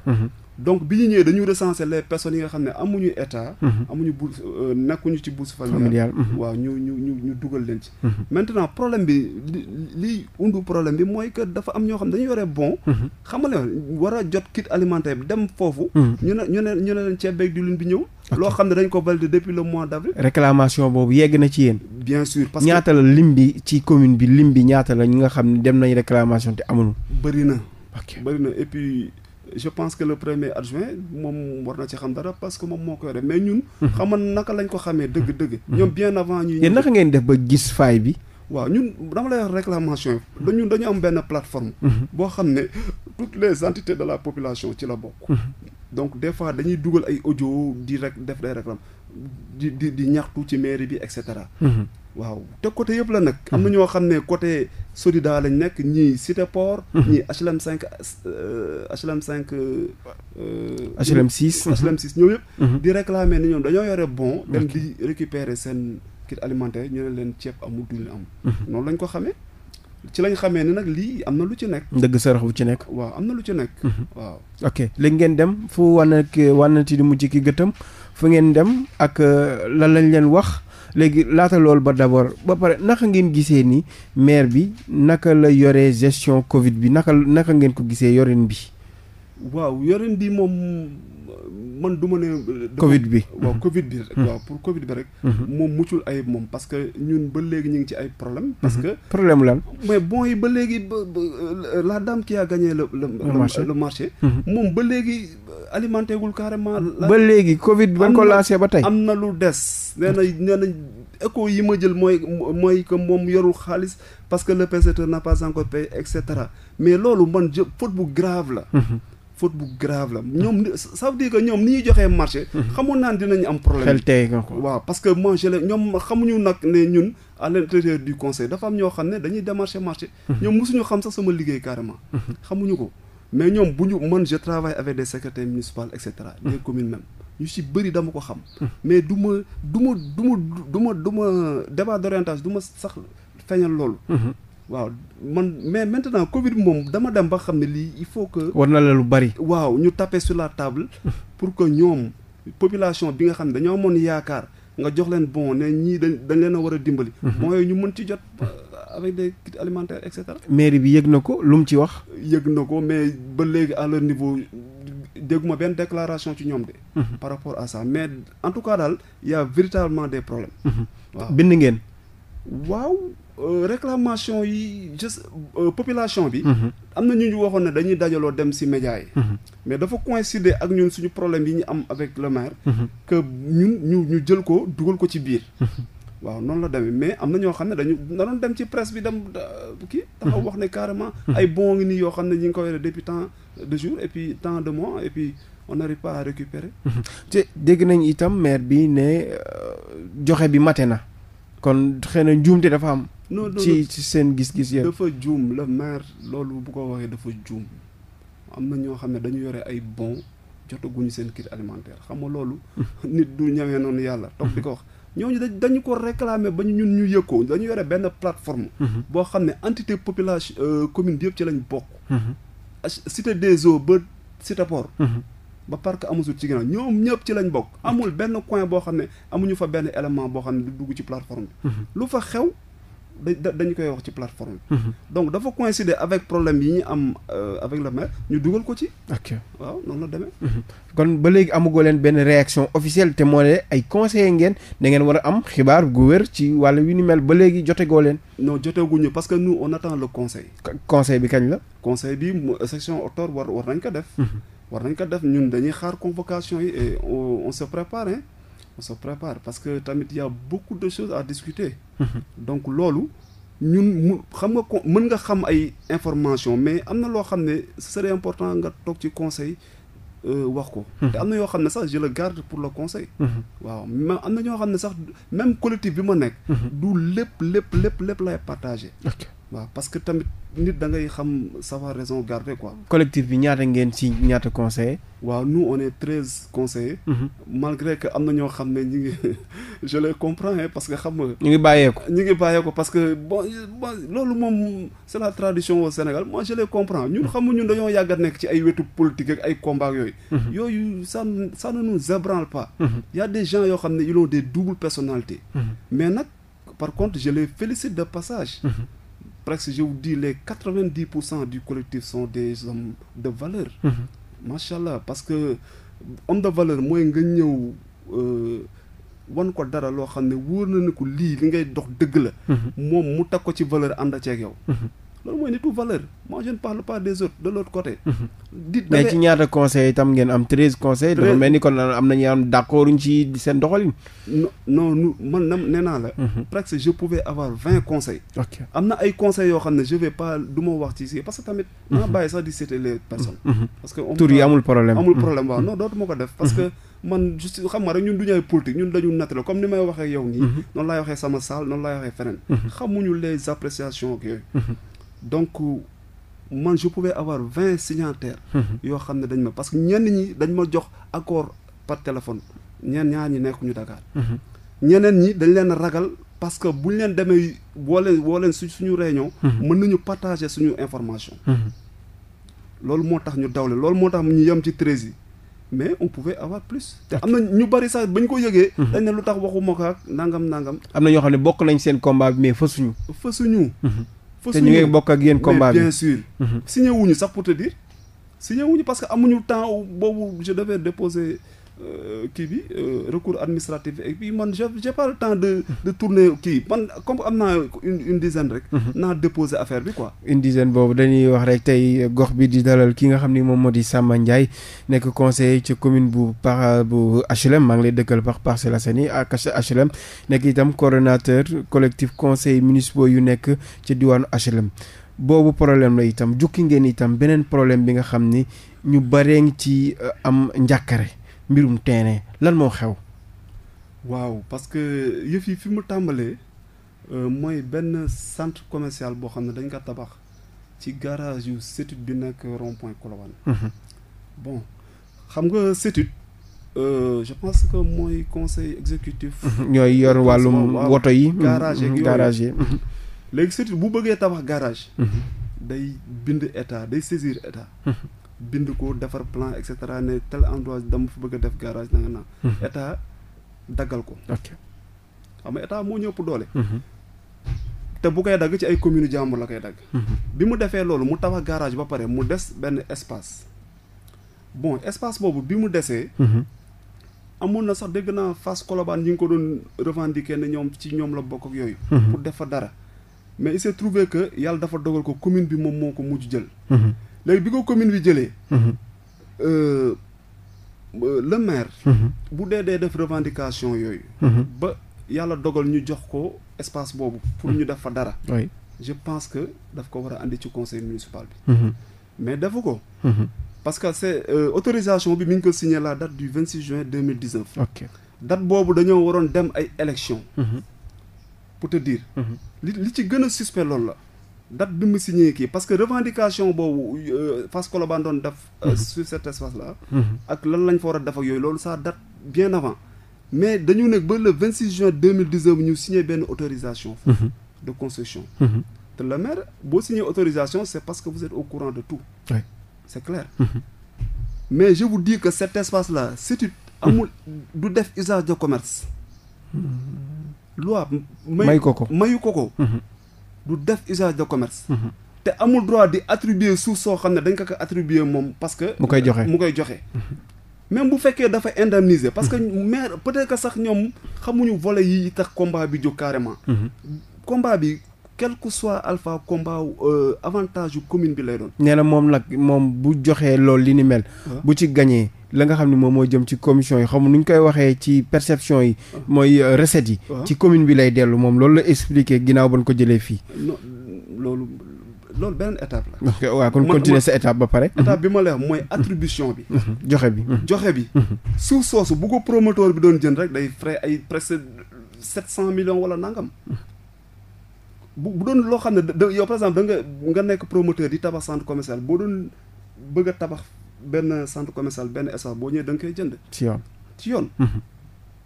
donc bi ñu ñëwee dañu recenser les personnes yi nga xam ne amuñu état. Mhm. amuñu bourse euh, nekkuñu ci bourse familiale. Mhm. waaw ñu ñu ñu ñu dugal leen ci. Mhm. maintenant problème bi li liy problème bi mooy que dafa am ñoo xam ne dañuy yore bon. xam nga war a jot kit alimentaire bi dem foofu. ñu ne ñu ne ñu ne leen ceeb beeg diwlin bi ñëw. loo xam ne dañ ko valider depuis le mois d' avril. réclamation boobu yegg na ci yéen. bien sûr parce que ñaata la lim bi ci commune bi lim bi ñaata la ñi nga xam ne dem nañ réclamation te amul. bëri na. ok na et je pense que le premier adjoint moom war na ci xam dara parce que moom moo ko yore mais ñun. Mhm. xaman naka lañ ko xamee dëgg dëgg. Mhm. ñoom bien avant ñuy. yéen naka ngeen def ba gis faay bi. waaw ñun dama lay wax réclamation yi. Mhm. dañu dañu am benn plateforme. boo xam ne toutes les entités de la population ci la bokk. donc des fois dañuy dugal ay audio di rek def day réclame di di di ñaxtu ci mairie bi et cetera. waaw te côté yëpp la nag. am na mhm. ñoo xam ne côté Sodida lañ nekk ñii Cité Port. Mhm. ñii HLM 5 HLM 5. HLM 6. HLM 6 ñoom yëpp. Mhm. di réclamer ni ñoom dañoo yore bon. dem di récupérer seen kit alimentaire ñu ne leen ceeb amul duñu am. noonu lañ ko xamee. ci lañ xamee ni nag lii am na lu ci nekk. dëgg sarax bu ci nekk. waaw am na lu ci nekk. waaw ok léegi ngeen dem fu wànn ki wànnati di mujj ki gëtëm fu ngeen dem ak euh, lan lañ leen wax. léegi laata lool ba d'abord ba pare naka ngeen gisee ni maire bi naka la yore gestion Covid bi naka naka ngeen ko gisee yorin bi. waaw yorin bi moom man du ma ne. Covid bi waaw Covid bi mm-hmm. waaw pour Covid bi rek. Mm-hmm. moom muccul ay moom parce que ñun ba léegi ñu ngi ci ay problème mm-hmm. parce que problème la mais bon yi ba léegi la dame qui a gagné le le marché moom ba léegi alimenté wul carrément. ba léegi Covid ban ko lancé ba tey. am na lu des nee na nee na écho yi ma jël mooy mooy que moom yorul xaalis parce que le percepteur n'a pas encore payé et cetera mais loolu man jë bu grave la. faute bu grave la ñoom ça veut dire que ñoom ni ñuy joxee marché. Mhm. xamoon naan dinañ am problème. xel tey nga ko waaw parce que moi je ñoom xamuñu nag ne ñun à l'intérieur du conseil dafa am ñoo xam ne dañuy démarché marché. Mhm. ñoom mosuñu xam sax sama liggéey carrément. Mhm. xamuñu ko mais ñoom bu ñu man je travaille avec de secrétaires municipaux et cetera. des communes même. ñu ci bëri dama ko xam. mais du ma du ma du ma du ma du ma débat du ma sax feeñal loolu. waaw man mais maintenant Covid moom dama dem ba xam ne lii il faut que. war na la lu bari. waaw ñu taper sur la table. pour que ñoom population bi nga xam ne dañoo amoon yaakaar nga jox leen bon ne ñii dañ dañ leen a war a dimbali. mooy mhm. ñu mën ci jot. Euh, avec des kits alimentaires et cetera. mairie bi yëg na ko lu mu ci wax. yëg na ko mais ba léegi à leur niveau dégguma benn déclaration ci ñoom de. Mhm. par rapport à ça mais en tout cas daal y a véritablement des problèmes. Mhm. waaw bind ngeen. Euh, réclamation yi juste euh, population bi. Mm-hmm. am na ñu ñu waxoon ne dañuy dajaloo dem si média yi. Mm-hmm. mais dafa coïncider ak ñun suñu problème yi ñu am avec le maire. Mm-hmm. que ñun ñu ñu jël ko dugal ko ci biir. waaw noonu la demee mais am na ñoo xam ne dañu da doon dem ci presse bi dem kii. taxaw wax ne carrément. ay bon ngi nii yoo xam ne ñu ngi ko yore depuis tant de jours et puis de mois et puis on n'arrive pas récupérer. te dégg nañ itam maire bi ne euh, joxe bi mate na kon xëy na njuumte dafa am. non ci seen gis-gis yéen. dafa juum le maire loolu bu ko waxee dafa juum am na ñoo xam ne dañu yore ay bon jotaguñu seen kit alimentaire xam nga loolu. nit du ñëwee noonu yàlla. toog di ko wax ñooñu dañu ko réclamer ba ñun ñu yëg ko dañu yore benn plateforme. Mhm. boo xam ne entité population euh, commune bi yëpp ci lañ bokk. Mhm. cité des eaux ba cité port. Mhm. ba parc amusut ci ginnaaw ñoom ñëpp ci lañ bokk. amul benn coin boo xam ne amuñu fa benn élément boo xam ne du dugg ci plateforme lu fa xew. da dañu koy wax ci plateforme bi. Mhm. donc dafa coïncider avec problème yi ñu am euh, avec le maire ñu dugal ko ci. ok waaw noonu la demee. Mhm. kon ba léegi amugoo leen benn réaction officielle te moo ne ay conseillers ngeen da ngeen war a am xibaar gu wér ci wàllu wi ni mel ba léegi jote goo leen. non joteeguñu parce que nous on attend le conseil. conseil bi kañ la. conseil bi section octobre war nañ ko def. Mhm. war nañ ko def ñun dañuy xaar convocation yi et on se prépare. on se prépare parce que tamit y a beaucoup de choses à discuter. Mhm. donc loolu ñun mu xam nga ko mën nga xam ay information mais am na loo xam ne ce serait important nga toog ci conseil euh, wax ko. Mhm. te am na yoo xam ne sax je le garde pour le conseil. Mhm. waaw mais am na ñoo xam ne sax même collectif bi ma nekk. du lépp lépp lépp lépp lay partagé. waaw parce que tamit nit da ngay xam savoir raison garder quoi. collectif bi ñaata ngeen ci ñaata conseillers. waaw nous on est treize conseillers. Mhm. malgré que am na ñoo xam ne ñu ngi je les comprends parce que xam nga. ñu ngi bàyyeeku ñu ngi parce que bon loolu moom c'est la tradition au Sénégal moi je les comprends ñun mhm. xamuñu dañoo yàgg a nekk ci ay wetu politique ak ay combat ak yooyu. Mhm. yooyu ça ça ne nous ébranle pas. y a des gens yoo xam ne ils ont des doubles personnalités. mais nag par contre je les félicite de passage. presque je vous dis les quatre-vingt-dix pour cent du collectif sont des hommes de valeur. Mhm. macha allah parce que on de valeur mooy nga ñëw euh, wan ko dara loo xam ne wóor na ne ko lii li ngay dox dëgg la. Mhm. moom mu teg ko ci valeur ànd ceeg yow. Mhm. loolu mooy nitu valeur moi je ne parle pas des autres de l'autre côté. Mhm. di mais ci ñaata conseils am treize conseils. dafa mel ni na ñu la. Mhm. presque je pouvais avoir vingt conseils. am na ay conseils yoo xam ne je vais pas du wax ci parce que tamit. Mhm. naa bàyyi sax di citer les personnes. parce que tur yi amul problème amul problème waaw non dootuma ko def juste xam nga rek ñun duñu ay politique ñun dañu naturel comme ni may waxee yow nii. noonu laay waxee sama saal noonu laay waxee feneen. xamuñu les appréciations ak yooyu. donc man je pouvais avoir vingt signataires. Mhm. yoo xam ne dañ ma parce que ñenn ñi dañ ma jox accord par téléphone ñenn ñaar ñi nekkuñu Dakar. Mhm. ñeneen ñi dañ leen ragal parce que buñ leen demee woo leen woo su suñu réunion. Mhm. mën nañu partager suñu information. loolu moo tax ñu dawle loolu moo tax ñu yem ci treize yi mais on pouvait avoir plus te am na ñu bari sax ba ñu ko yëgee. dañ ne lu tax waxu ma ko ak nangam nangam. am na ñoo xam ne bokk nañ seen combat bi mais fësuñu. fësuñu. te ñu ngi bokk ak yéen combat bi bien sûr. Mhm. signé wuñu sax pour te dire signé wuñu parce que amuñu temps boobu je devais déposer. Euh, kii bi euh, recours administratif et puis man j' ai temps de de tourner kii man comme am naa une une rek. Mhm. naa déposer affaire bi quoi. une boobu dañuy wax rek tey gox bi di dalal ki nga xam ni moom moo di Samba Ndiaye nekk conseiller ci commune bu par bu HLM maa ngi lay dëkkal par Parcelles Assainies ak HLM nekk itam coordonnateur collectif conseil municipaux yu nekk ci diwaanu HLM. boobu problème la itam jukki ngeen itam beneen problème bi nga xam ni ñu baree ngi ci euh, am njàkkare. mbirum terrain lan moo xew. waaw parce que yëf yi fi mu tàmbalee euh, mooy benn centre commercial boo xam ne dañ ko tabax ci garage yu Sétud bi nekk rond point mhm. bon xam nga Sétud euh, je pense que mooy conseil exécutif. Mhm, ñooy yor wàllum woto yi. garage mhm, léegi Sétud bu bëggee tabax garage. day bind état day saisir état. bind ko defar plan et cetera ne tel endroit dama fa bëgg a def garage na nga naan mhm. daggal ko xam nga moo ñëpp doole mhm. te bu koy dagg ci ay commune jàmbur la koy dagg mhm. bi mu defee loolu mu tabax garage ba pare mu des benn espace bon espace boobu bi mu desee amoon na sax dégg naa Fass Colobane ñi ngi ko doon revendiquer ne ñoom ci ñoom la bokk ak yooyu pour def fa dara mais il s'est que yàlla dafa dogal ko commune bi moom moo ko mujj jël léegi bi ko commune bi jëlee. Mhm. Euh, euh, le maire. Mhm. bu dee dee def revendication yooyu. Mhm. ba yàlla dogal ñu jox ko espace boobu. pour ñu def fa dara. oui je pense que daf ko war a indi ci conseil municipal bi. mais defu ko. parce que c' est euh, autorisation bi mu ngi ko signé la date du 26 juin 2019. ok date boobu dañoo waroon dem ay élections. pour te dire. li li ci gën a suspect loolu la. date bi mu signé kii parce que revendication boobu euh, Fass Colobane doon def. Euh, mhm. sur cet espace là. Mhm. ak lan lañ foo war a def yooyu loolu ça date bien avant mais dañu nekk ba le 26 juin 2019 ñu signé benn autorisation. Mhm. de construction. te le maire boo signé autorisation c' est parce que vous êtes au courant de tout. oui c' est clair. mais je vous dis que cet espace là CETUD amul du def usage de commerce. loi ko ko mayu ko ko. du def usage de commerce. Mhm. te amul droit di attribuer suuf soo xam ne dañ ko ko attribuer moom parce que. mu koy joxe mu koy joxe. Mhm. même bu fekkee dafa indemniser. parce que mhm. maire peut-être que sax ñoom xamuñu vole yi tax combat bi jóg carrément. combat bi quel que soit alpha combat euh, avantage commune bi lay doon. nee na moom nag moom bu joxee lool li ni mel. Ah. bu ci gañee la nga xam ne moom mooy jëm ci commission yi xam nu ñu koy waxee ci perception yi. Ah. mooy euh, recettes yi. Ah. ci commune bi lay dellu moom loolu la expliqué ginnaaw ba nu ko jëlee fii. non loolu loolu beneen étape la. ok waaw kon continuer sa étape ba pare. étape mhm. bi ma lay wax mooy attribution bi. Mhm. joxe bi mhm. joxe bi. suuf soosu bu ko promoteur bi doon jën rek day frais ay presque sept cent millions wala nangam. bu doon loo xam ne da yow par exemple da nga nekk promoteur di tabax centre commercial boo doon bëgg a tabax benn centre commercial benn espace boo ñëwee da nga koy jënd. ci yoon ci yoon. Mm-hmm.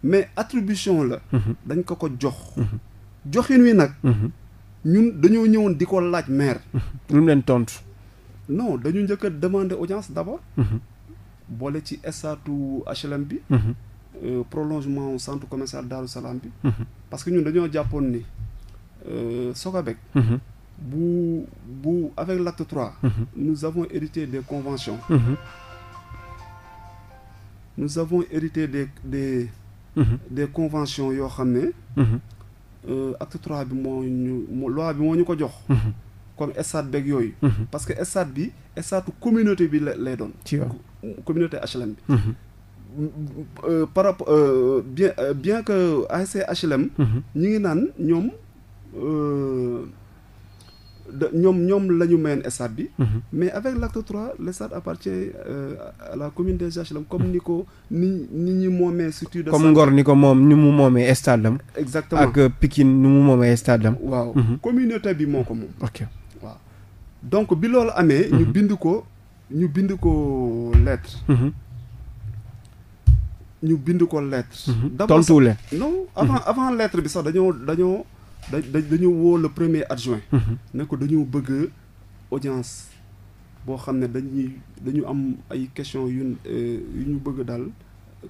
mais attribution la. Mm-hmm. dañ ko ko jox. Mm-hmm. joxin wi nag. ñun dañoo ñëwoon di ko laaj maire. lu mu leen tontu. non dañu njëkk a demander audience d' abord. boole ci estatu HLM bi. Euh, prolongement centre commercial Darou Salam bi. parce que ñun dañoo jàppoon ni. Euh, Sogabek. Mm-hmm. bu bu avec l' acte trois. Mm-hmm. nous avons hérité des conventions. Mm-hmm. nous avons hérité des des. des conventions yoo xam ne. Euh, acte trois bi moo ñu loi bi moo ñu ko jox. comme stade beeg yooyu. parce que stade bi stade communauté bi la lay doon. ci communauté HLM bi. Euh, par rapport bien bien que ASC HLM. ñi ngi naan ñoom. Euh, da ñoom ñoom la ñu mayoon stade bi. Mhm. mais avec l' acte trois le stade appartient euh, la commune des HLM comme ni ko ni ni ñi moomee surtout. de comme Ngor ni ko moom ni mu moomee stade am. exactement ak euh, Pikine ni mu moomee stade am. waaw mhm. communauté bi moo ko moom. ok waaw donc bi loolu amee. ñu mhm. bind ko ñu bind ko lettre. ñu bind ko lettre. d' abord tontu leen non avant lettre bi sax dañoo dañoo. da dañu woo le premier adjoint mhm. ne ko dañoo bëgg audience boo xam ne dañuy dañu am ay question euh, yu ñu bëgg daal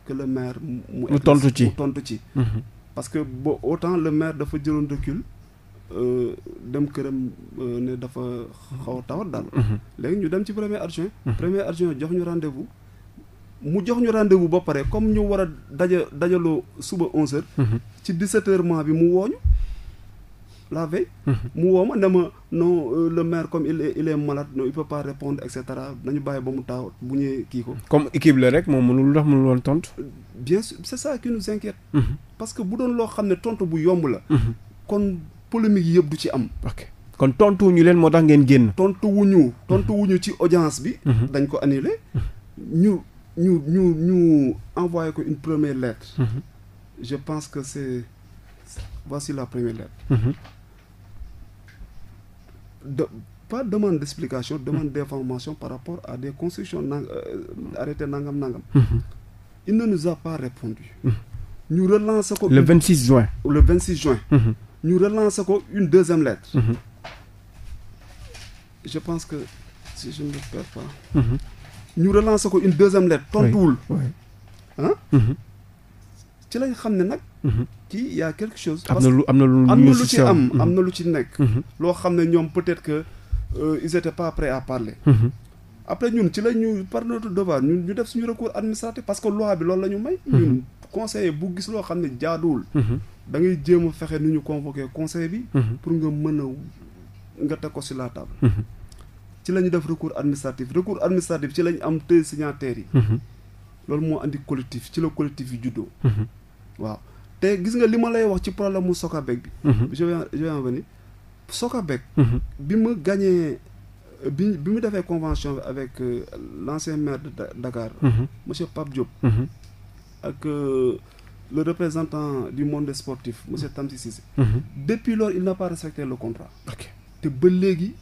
que le maire mu tontu ci mu tontu ci mhm. parce que bo autant le maire dafa jëloon recul euh, dem këram euh, ne dafa xaw a tawat daal mhm. léegi ñu dem ci premier adjoint premier adjoint jox ñu rendez-vous mu jox ñu rendez-vous ba pare comme ñu war a daja dajaloo suba onze ci dix bi mu wooñu la veille. mu woo ma ne ma non euh, le maire comme il est il est malade non il peut pas répondre et cetera nañu bàyyi ba mu taaw bu ñëwee kii ko. comme équipe la rek moom mënul ndax mënul woon tontu. bien sûr c' est ça qui nous inquiète. Mhm. parce que bu doon loo xam ne tontu bu yomb la. Mhm. kon polémique yëpp du ci am. ok kon tontu wu ñu leen moo tax ngeen génn. tontu wu wuñu mhm. tontu wuñu ci audience bi. dañ ko annulé. ñu ñu ñu ñu envoyé ko une première lettre. je pense que c' est voici la première de pas demande d'explication demande d'information par rapport à des constructions nang euh, arrêté nangam nangam mm-hmm. il ne nous a pas répondu ñu relancer ko le juin le juin ñu relancer ko une deuxième lettre mm-hmm. je pense que si je ne me perds pas ko mm-hmm. une deuxième lettre tontuwul ah ci lañ xam ne nag ci mhm. y a quelque chose. am na lu am na lu ci am am mhm. na lu ci nekk. Mhm. loo xam ne ñoom peut-être que euh, ils étaient pas prêts à parler. après ñun ci la ñu par notre devoir ñun ñu def suñu recours administratif parce que loi bi loolu la may. ñun conseiller bu gis loo xam ne jaaduwul. da ngay a fexe nu ñu convoqué conseil bi. pour nga mën a nga teg ko la table. ci la ñu def recours administratif recours administratif ci la ñu am tey signataires yi. loolu moo andi ci la collectif te gis nga li ma lay wax ci problème mu Sokabek bi. je mhm. vais je vais en mhm. bi mu gagné bi bi mu defee convention bi avec euh, l' ancien maire de Dakar. Mhm. monsieur Pape Diop. ak euh, le représentant du monde sportif monsieur Tamsi Cissé. depuis lool il n'a pas respecté le contrat. te ba léegi.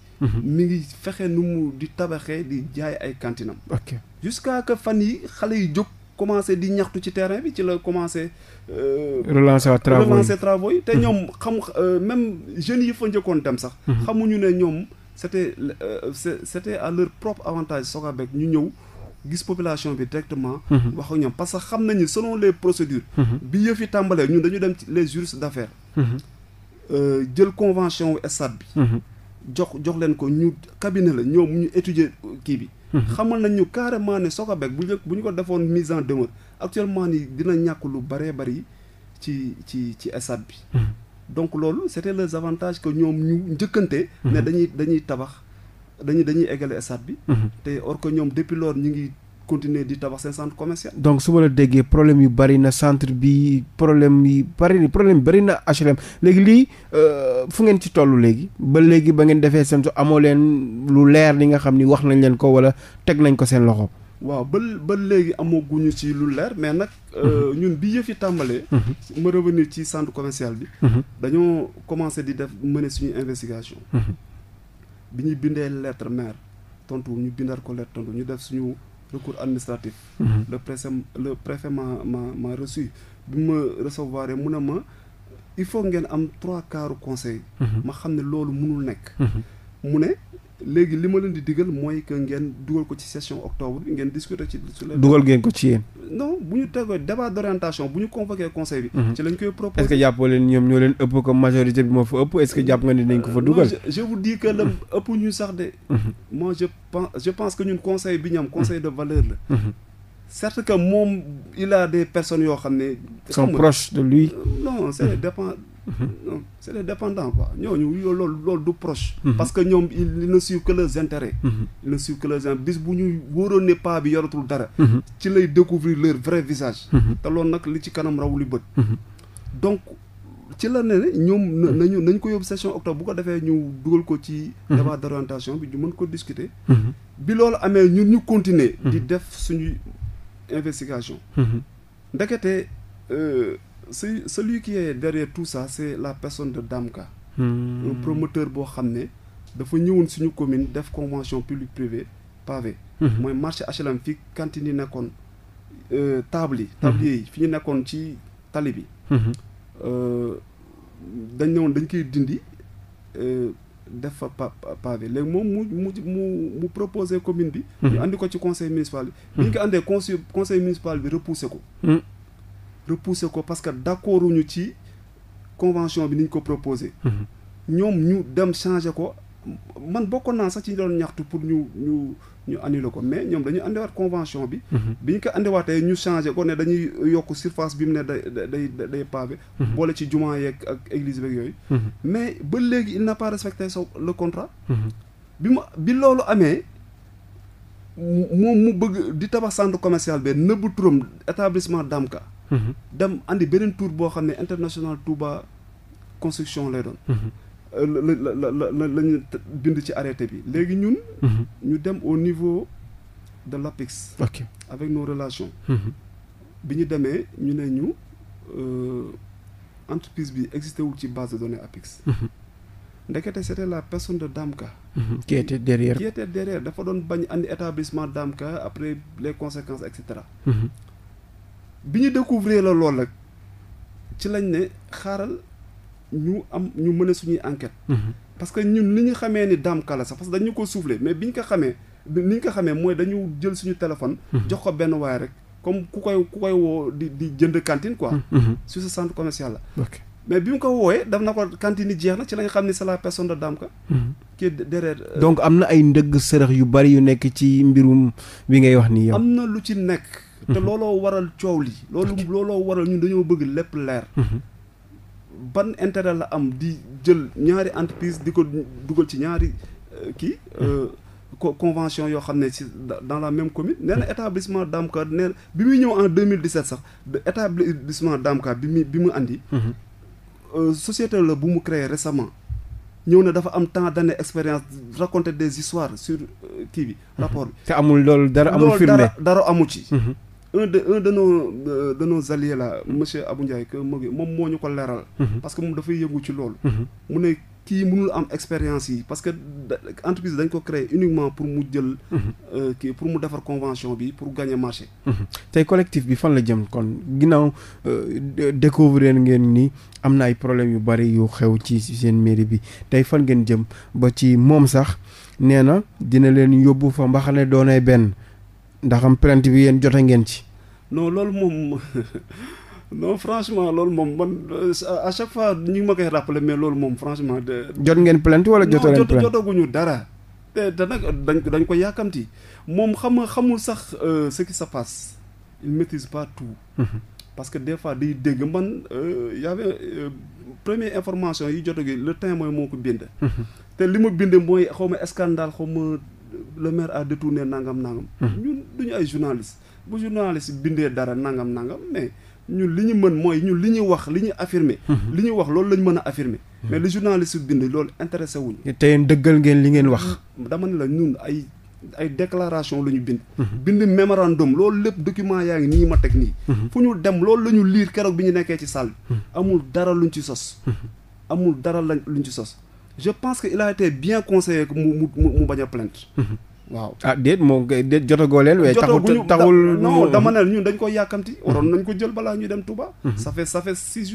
mi ngi fexe nu mu di tabaxee di jaay ay kantinam. ok jusqu'à fan yi xale yi jóg. commencé di ñaxtu ci terrain bi ci la commencé. Euh, relancer waat travaux yi relancer travaux yi te mhm. ñoom xam euh, même jeunes yi fa njëkkoon dem sax. Mhm. xamuñu ne ñoom c' euh, à leur propre avantage Socabeg ñu ñëw. gis population bi directement. Mhm. wax ak ñoom parce que xam nañu selon les procédures. bi yëf yi tàmbalee ñun dañu dem ci les juristes d' jël convention wu bi. jox jox leen ko ñu cabinet la ñoom ñu étudier kii bi. Mhm. xamal nañ ñu carrément ne Socabeg bu ñu bu ñu ko defoon mise en demeure actuellement ni dina ñàkk lu bëree bëri ci ci ci stade bi. Mhm. donc loolu c' était les avantages que ñoom ñu njëkkante. ne mhm. dañuy dañuy tabax dañuy dañuy eggale stade bi. te or que ñoom depuis lors ñu ngi. continuer di tabax seen centre commercial. donc su ma la déggee problème yu bari na centre bi problème yi bari na problème bari na HLM léegi lii euh, fu ngeen ci toll léegi ba léegi ba ngeen defee seen so amoo leen lu leer li nga xam ni wax nañ leen ko wala teg nañ ko seen loxo. waaw ba ba léegi ñu si lu leer mais nag. Euh, mhm. ñun bi yëf yi tàmbalee. Mhm. ma revenir ci centre commercial bi. Mhm. dañoo commencé di def mener suñu investigation. bi ñuy bindee lettre maire tontu ñu bindal ko lettre tontu ñu def suñu. recours administratif mm-hmm. le préfet le préfet m'a ma m'a reçu bi ma recevoir mu ne ma il faut ngeen am trois quarts conseil mm-hmm. ma xam ne loolu mënul nekk mm-hmm. mu ne léegi li ma leen di digal mooy que ngeen dugal ko ci session octobre bi ngeen discuter ci. dugal ngeen ko ci yéen. non bu ñu tegoo débat d' orientation bu ñu convoqué conseil bi. Mhm. ci lañ koy proposé. est ce jàpp nga ni nañ ko fa dugal. je vous dis la mhm. ëpp ñu sax de. Mhm. moi je pense que ñun conseil bi ñu conseil de valeur la. certes que moom il a des personnes yoo xam ne. sont proches de lui. Euh, non c' dépend. non c' est les dépendants quoi ñooñu loolu loolu du proche. Mhm. parce que ñoom ils ne suivent que leurs intérêts. Mhm. ils ne suivent que bis bu ñuy wóoroon ne paa bi yoratul dara. Mhm. ci lay découvrir leur vrai visage. te loolu nag li ci kanam raw li bët. donc ci la ne ñoom nañu nañ ko yóbbu session octobre bu ko defee ñu dugal ko ci. débat orientation bi ñu mën ko discuter. bi loolu amee ñun ñu continuer. di def suñuy investigation. ndekete. Euh, celui qui est derrière tout ça c'est la personne de Damka mmh. promoteur boo xam ne dafa ñëwoon suñu commune def convention public privé pavé hmm. mooy marché HLM fi cantine yi nekkoon euh, table yi hmm. yi fi ñu nekkoon ci tali bi hmm. euh, dañ ne woon dañ koy dindi euh, def fa pavé léegi moom mu mu mu mu commune bi ñu andi ko ci conseil municipal bi bi ñu ko andee conseil conseil municipal bi repoussé ko repousser ko parce que d'accord ñu ci convention bi ni ñu ko proposé. Mhm. ñoom ñu dem changer ko man bokkoon naa sax ci doon ñaxtu pour ñu ñu ñu annuler ko mais ñoom dañuy andiwaat convention bi. Mhm. bi ñu ko andiwaatee ñu changer ko ne dañuy yokk surface bi mu ne day day day pavé. Mhm. boole ci jumaa yeeg ak église beeg yooyu. mais ba léegi il n'a pas respecté so le contrat. bi ma bi loolu amee. moom mu bëgg di tabax centre commercial bi nëbb turam établissement Damka. Mm-hmm. dem andi beneen tour boo xam ne international Touba construction lay doon. Mm-hmm. Euh, la la la la lañu bind ci arrêté bi léegi ñun. Mm-hmm. ñu dem au niveau de l'APEX. ok avec nos relation bi ñu demee ñu ne ñu euh, entreprise bi existé wul ci base de données APEX. ndekete c'était la personne de Damka. qui était derrière dafa doon bañ andi établissement Damka après les conséquences et cetera. bi ñu découvrir la lool nag ci lañ ne xaaral ñu am ñu mën a suñuy enquête. Mhm. parce que ñun ni ñu xamee ni Dame Kala sax parce que dañu ko soufflé mais bi ñu ko xamee ni ñu ko xamee mooy dañu jël suñu téléphone. Mhm. jox ko benn waaye rek comme ku koy ku koy woo di di jënd cantine quoi. Mhm. sur sant centre commercial la. mais bi mu ko wooyee daf na ko cantine jeex na ci lañ xam ni c'est la personne de Dame Ka. kii derrière. Euh, donc am na ay ndëgg sërëx yu bari yu nekk ci mbirum bi ngay wax nii yow. am na lu ci nekk. te mhm. looloo waral coow li loolu looloo waral ñun dañoo bëgg lépp leer mhm. ban intérêt la am di jël ñaari entreprise di ko dugal ci ñaari euh, kii mhm. euh, convention yoo xam ne ci dans la même commune nee na établissement Damka nee na bi muy ñëw en 2017 sax établissement Damka bi mu bi mu andi euh, société la bu mu créé récemment ñëw na dafa am temps d'année expérience raconter des histoires sur kii bi rapport bi te amul loolu dara amul firnde dara amul ci un de un de nos euh, de nos alliés là monsieur Abou Ndiaye que moom moo ñu ko leeral. Mhm. parce que moom dafay yëngu ci loolu. Mhm. mu ne kii mënul am expérience yi parce que entreprise dañ ko créer uniquement pour mu jël. Mhm. Euh, kii pour mu defar convention bi pour gagner marché. tey collective bi fan la jëm kon ginnaaw euh, découvrir ngeen ni am na ay problèmes yu bari yu xew ci seen mairie bi tey fan ngeen jëm ba ci moom sax nee na dina leen yóbbu fa mbaxane doonay benn. ndax am plainte bi yéen jote ngeen moom non franchement moom man à chaque fois ñu ngi ma koy loolu moom franchement. jot ngeen plainte wala jotoo leen plainte jotaguñu dara. te te nag dañ ko dañ moom xam nga xamul sax euh, ce se passe il maîtrise pas tout. Mhm. que des fois day dégg man euh, y avait euh, première information yi jot a le temps moo ko bind. Mhm. te li ma bind mooy xaw ma scandale xaw ma le maire a détourné nangam nangam. Mhm. ñun duñu ay journaliste bu journaliste bindee dara nangam nangam mais ñun li ñu mën mooy ñun li ñu wax li ñu affirmer. Mhm. li ñu wax loolu la mën a affirmer. Mhm. mais li journaliste bind loolu intéressé wuñu tey dëggal ngeen li ngeen wax. Mm, dama ne la ñun ay. ay déclaration lu ñu bind bind mémorandum loolu lépp document yaa ngi nii ma teg nii fu ñu dem loolu lañu liir keroog bi ñu nekkee ci salle bi amul dara luñ ci sos amul dara lañ luñ ci sos je pense que il a été bien conseillé que mu mu mu bañ a plainte mhm. waaw ah déet moom déet jotagoo leen waaye taxul taxul non dama mhm. ne ñun dañ ko yàkkamti mhm. waroon nañ ko jël balaa ñu dem Touba ça fait ça fait six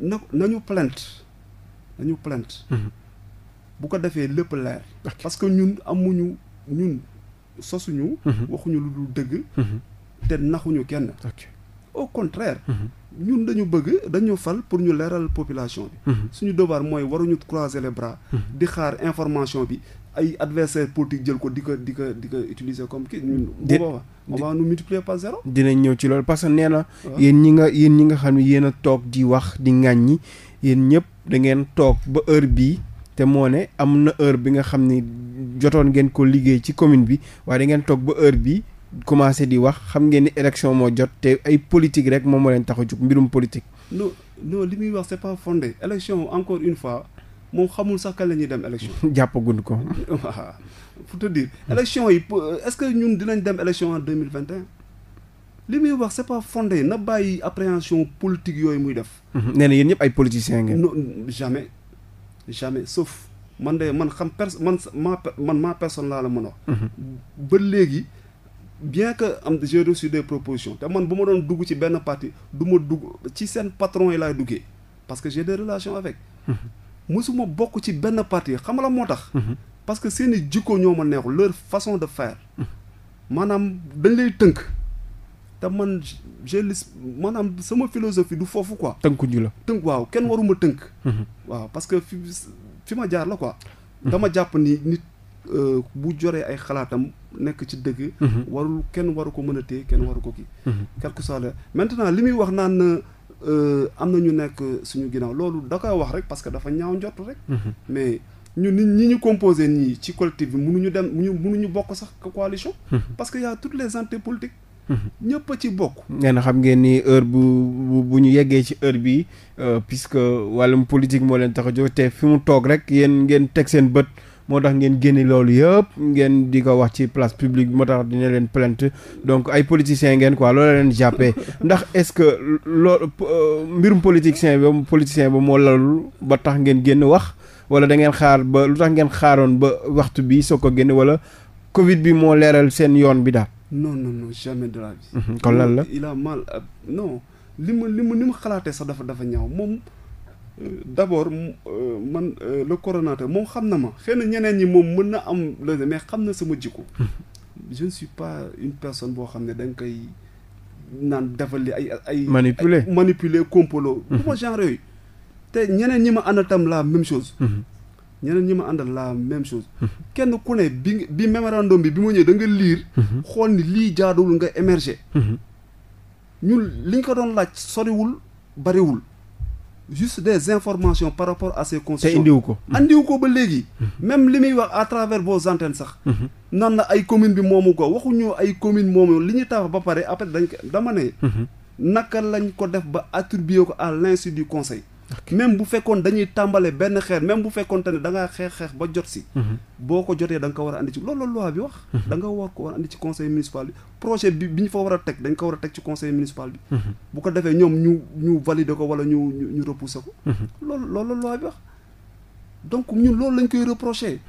na nañu plainte nañu bu ko defee lépp leer parce que ñun amuñu ñun sosuñu waxuñu lu dul dëgg te naxuñu kenn au contraire ñun dañu bëgg dañu fal pour ñu leeral population bi. Mhm. suñu devoir mooy waruñu croiser les bras. Mhm. di xaar information bi ay adversaire politique jël ko di ko di ko di ko utiliser comme kii ñun. bu boobaa on va nous dinañ ñëw ci loolu parce que nee na. yéen ñi nga yéen ñi nga xam ne yéen a toog di wax di ŋàññi yéen ñëpp da ngeen toog ba heure bii. te moo ne am na heure bi nga xam ni jotoon ngeen ko liggéey ci commune bi waaye da ngeen toog ba heure bi commencé di wax xam ngeen ni élection moo jot te ay politique rek moom moo leen tax a jug mbirum politique. non non li muy wax c'est pas fondé élection encore une fois moom xamul sax kañ la ñuy dem élection. jàppaguñ ko. waaw pour te dire. élection yi est-ce que ñun dinañ dem élection en deux mille li muy wax c'est pas fondé na bàyyi appréhension politique yooyu muy def. Mhm. nee na yéen ñëpp ay politiciens ngeen. non jamais jamais sauf man de man xam pers man ma man ma personne laa la mën a bien que am j'ai reçu des propositions te man bu ma doon dugg ci benn parti du ma dugg ci seen patron yi laay duggee parce que j'ai des relations avec mm-hmm. mosuma bokk ci benn parti xam la moo tax mm-hmm. parce que seen i jikko ñoo ma neexul leur façon de faire mm-hmm. maanaam dañ lay tënk te man j'ai lis maanaam sama philosophie du foofu quoi tënkuñu la tënk waaw kenn waruma tënk waaw parce que fi fi ma jaar la quoi dama jàpp ni Euh, bu joree ay xalaatam nekk ci dëgg. Mhm. warul kenn waru ko mën a téye kenn waru ko kii. Mhm. quelque soit la maintenant li muy wax naan na euh, am na ñu nekk suñu ginnaaw loolu da koy wax rek parce que dafa ñaaw njott rek. Mhm. mais ñu ci collectif bi mënuñu dem mënuñu bokk sax coalition. parce a toutes les entités politiques. a ci bokk. nee na xam ngeen ni heure bu bu ñu yeggee ci heure bi euh, puisque wàllum politique moo leen tax a jóg te fi mu toog rek yéen ngeen teg seen bët. moo tax ngeen génne loolu yëpp ngeen di ko wax ci place publique moo tax dina leen plainte donc ay politiciens ngeen quoi loolu leen jàppee ndax est-ce que loolu euh, mbirum politicien ba politicien ba moo lalul ba tax ngeen génn wax wala da ngeen xaar ba lu tax ngeen xaaroon ba waxtu bi soo ko génn wala Covid bi moo leeral seen yoon bi daal. non non non jamais de la mhm, kon lan la il a euh, li ma li mu ni mu xalaatee sax dafa dafa ñaaw moom. Euh, d' abord euh, man euh, le coronateur moom xam na ma xëy na ñeneen ñi moom mën na am leneen mais xam na sama jikko mhm. je ne suis pas une personne boo xam ne danga nga koy naan defal li ay ay manipuler manipuler complot bu mhm. ma genre yooyu te ñeneen ñi ma ànd tam la même chose mhm. ñeneen ñi ma àndal la même chose kenn ku ne bi bi mémorandum bi bi ma ñëwee da nga liir xool ni lii jaaduwul nga émerger ñun liñ ko doon laaj soriwul bariwul juste des informations par rapport à ces concessions. te indiwu ko. andiwu ko ba léegi. même li muy wax à travers vos antennes sax. nan na ay commune bi moomu ko waxuñu ay commune moomu li ñu tabax ba pare après dañ ko dama ne. Mhm. naka lañ ko def ba attribuer ko à l'insu du conseil. même bu fekkoon dañuy tàmbalee benn xeer même bu fekkoonte ne da ngaa xeex-xeex ba jot si mhm. boo ko jotee danga nga ko war a andi ci loolu la loi bi wax mhm. da nga war ko war a andi ci conseil municipal bi projet bi bi dañ ko war a teg ci conseil municipal bi mhm. bu ko defee ñoom ñu ñu valider ko wala ñu ñu repousser ko loolu loolu la loi bi wax donc ñun loolu lañ koy reproché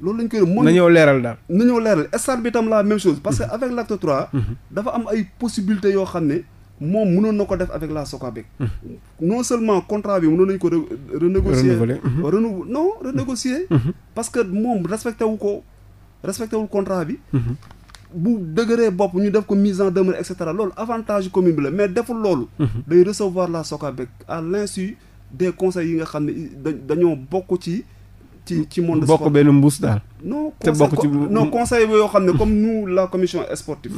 loolu lañ koy mën nañoo leeral daal nañoo leeral stade bi tam la même chose parce que avec l'acte trois dafa am ay possibilités yoo xam ne moom munoon na ko def avec la Socabeg. non seulement contrat bi mënoon nañu ko renégocier renou mhm. non renégocier mhm. Mhm. parce que moom respecté wu ko respecté wul contrat bi bu dëgëree bopp ñu def ko mise en demeure et cetera loolu avantage commune bi la mais deful loolu day recevoir la Socabeg à l'insu des conseils yi nga xam ne dañoo bokk ci ci ci monde sport bokk benn mbuus daal non te bokk ci non conseil yoo xam ne comme nu la commission sportive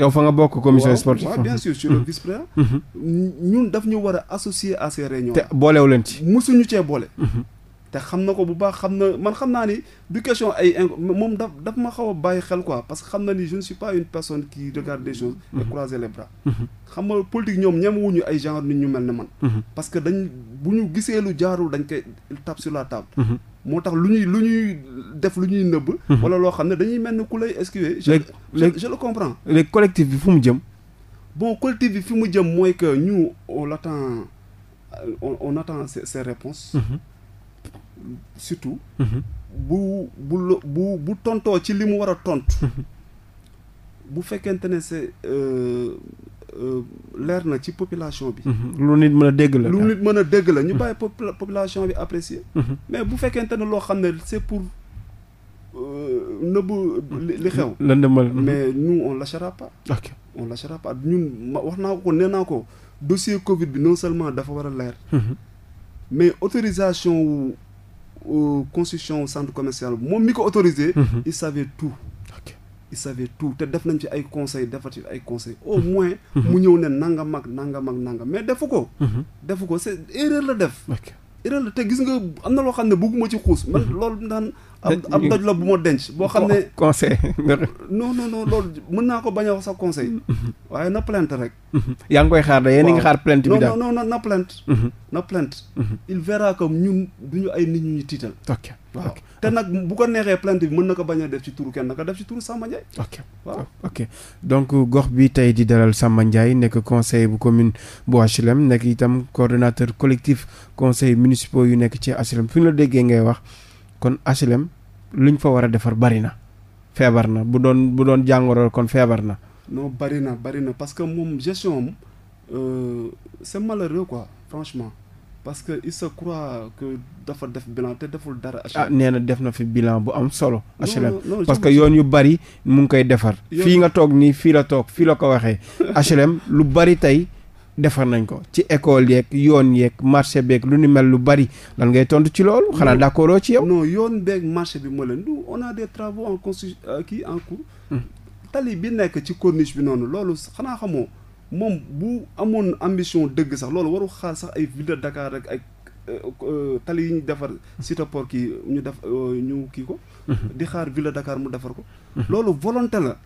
yow fa nga bokk commission sportive waaw bien mhm. Mhm. ñun daf ñu war a associer à ces réunions. te boolewu leen ci. mosuñu cee boole. Mhm. te xam na ko bu baax xam na man xam naa ni du question ay moom daf daf ma xaw bàyyi xel quoi parce que xam na ni je ne suis pas une personne qui regarde les choses et mhm. croiser les bras mhm. xam nga politique ñoom ñemewuñu ay genre nit ñu mel ne man mhm. parce que dañ bu ñu gisee lu jaarul dañ koy tape sur la table moo tax lu ñuy lu ñuy def lu ñuy nëbb wala loo xam ne dañuy mel ne ku lay esquiver je le comprends léegi collectif bi fu mu jëm boo collectif bi fi mu jëm mooy que ñu on attend on attend ces réponses surtout. Mhm. bu bu bu bu tontoo ci li mu war a tontu. Mhm. bu fekkente ne c'est euh, euh, leer na ci population bi. Mhm. lu nit mën a dégg la. lu nit mën a dégg la ñu bàyyi population bi apprécier. mais bu fekkente ne loo xam ne c'est pour. Euh, nëbb li xew. la ndëmal mais nous on lâchera pas. ok on lâchera pas ñun wax naa ko nee naa ko dossier Covid bi non seulement dafa war a leer. mais autorisation construction centre commercial moom mi ko autorisé. Mhm. il savait tout. il savait tout te def nañ ci ay conseil defar ci ay conseil au mhm. moins. Mhm. mu ñëw ne nanga mag nanga mag nanga mais defu ko. defu ko c'est erreur la def. erreur la te gis nga am na loo xam ne bëgguma ci xuus. loolu daan. am am doj la bu ma denc boo xam ne conseil non non non loolu mën naa ko bañ a wax sax conseil waaye na plainte rek yaa ngi koy xaar da yéen a ngi xaar plainte bi daal non non na plainte mm-hmm. na plainte mm-hmm. il verra comme ñun du ñu ay nit ñu ñu tiital waaw te nag bu ko neexee plainte bi mën na ko bañ a def ci turu kenn na ko def ci turu Samba Ndiaye ok waaw ok donc gox bi tey di dalal Samba Ndiaye nekk conseil bu commune bu HLM nekk itam coordinateur collectif conseil municipal yu nekk ci HLM fi ñu la déggee ngay wax kon HLM luñ fa war a defar bari na feebar na bu doon bu doon jàngoro kon feebar na. non bari na bari na parce que moom gestion am euh, c' est quoi franchement parce que il se croit que dafa def bilan te deful dara. ah nee na def na fi bilan bu am solo. HLM parce que yoon yu bari mu ngi koy defar. fii nga toog nii fii la toog fii la ko waxee. HLM lu bari tey. defar nañ ko ci école yeek yoon yeeg marché beek lu ni mel lu bari lan ngay tontu ci loolu. xanaa d'accord ci yow. non yoon beeg marché bi ma leen nu on a des travaux en construction kii euh, en cours. Hmm. tali bi nekk ci corniche bi noonu loolu xanaa xamoo moom bu amoon ambition dëgg sax loolu warul xaar sax ay ville de Dakar rek ay euh, euh, tali yi ñu defar site port kii ñu def ñu kii ko. Hmm. di xaar ville de Dakar mu defar ko. Hmm. loolu volonté la.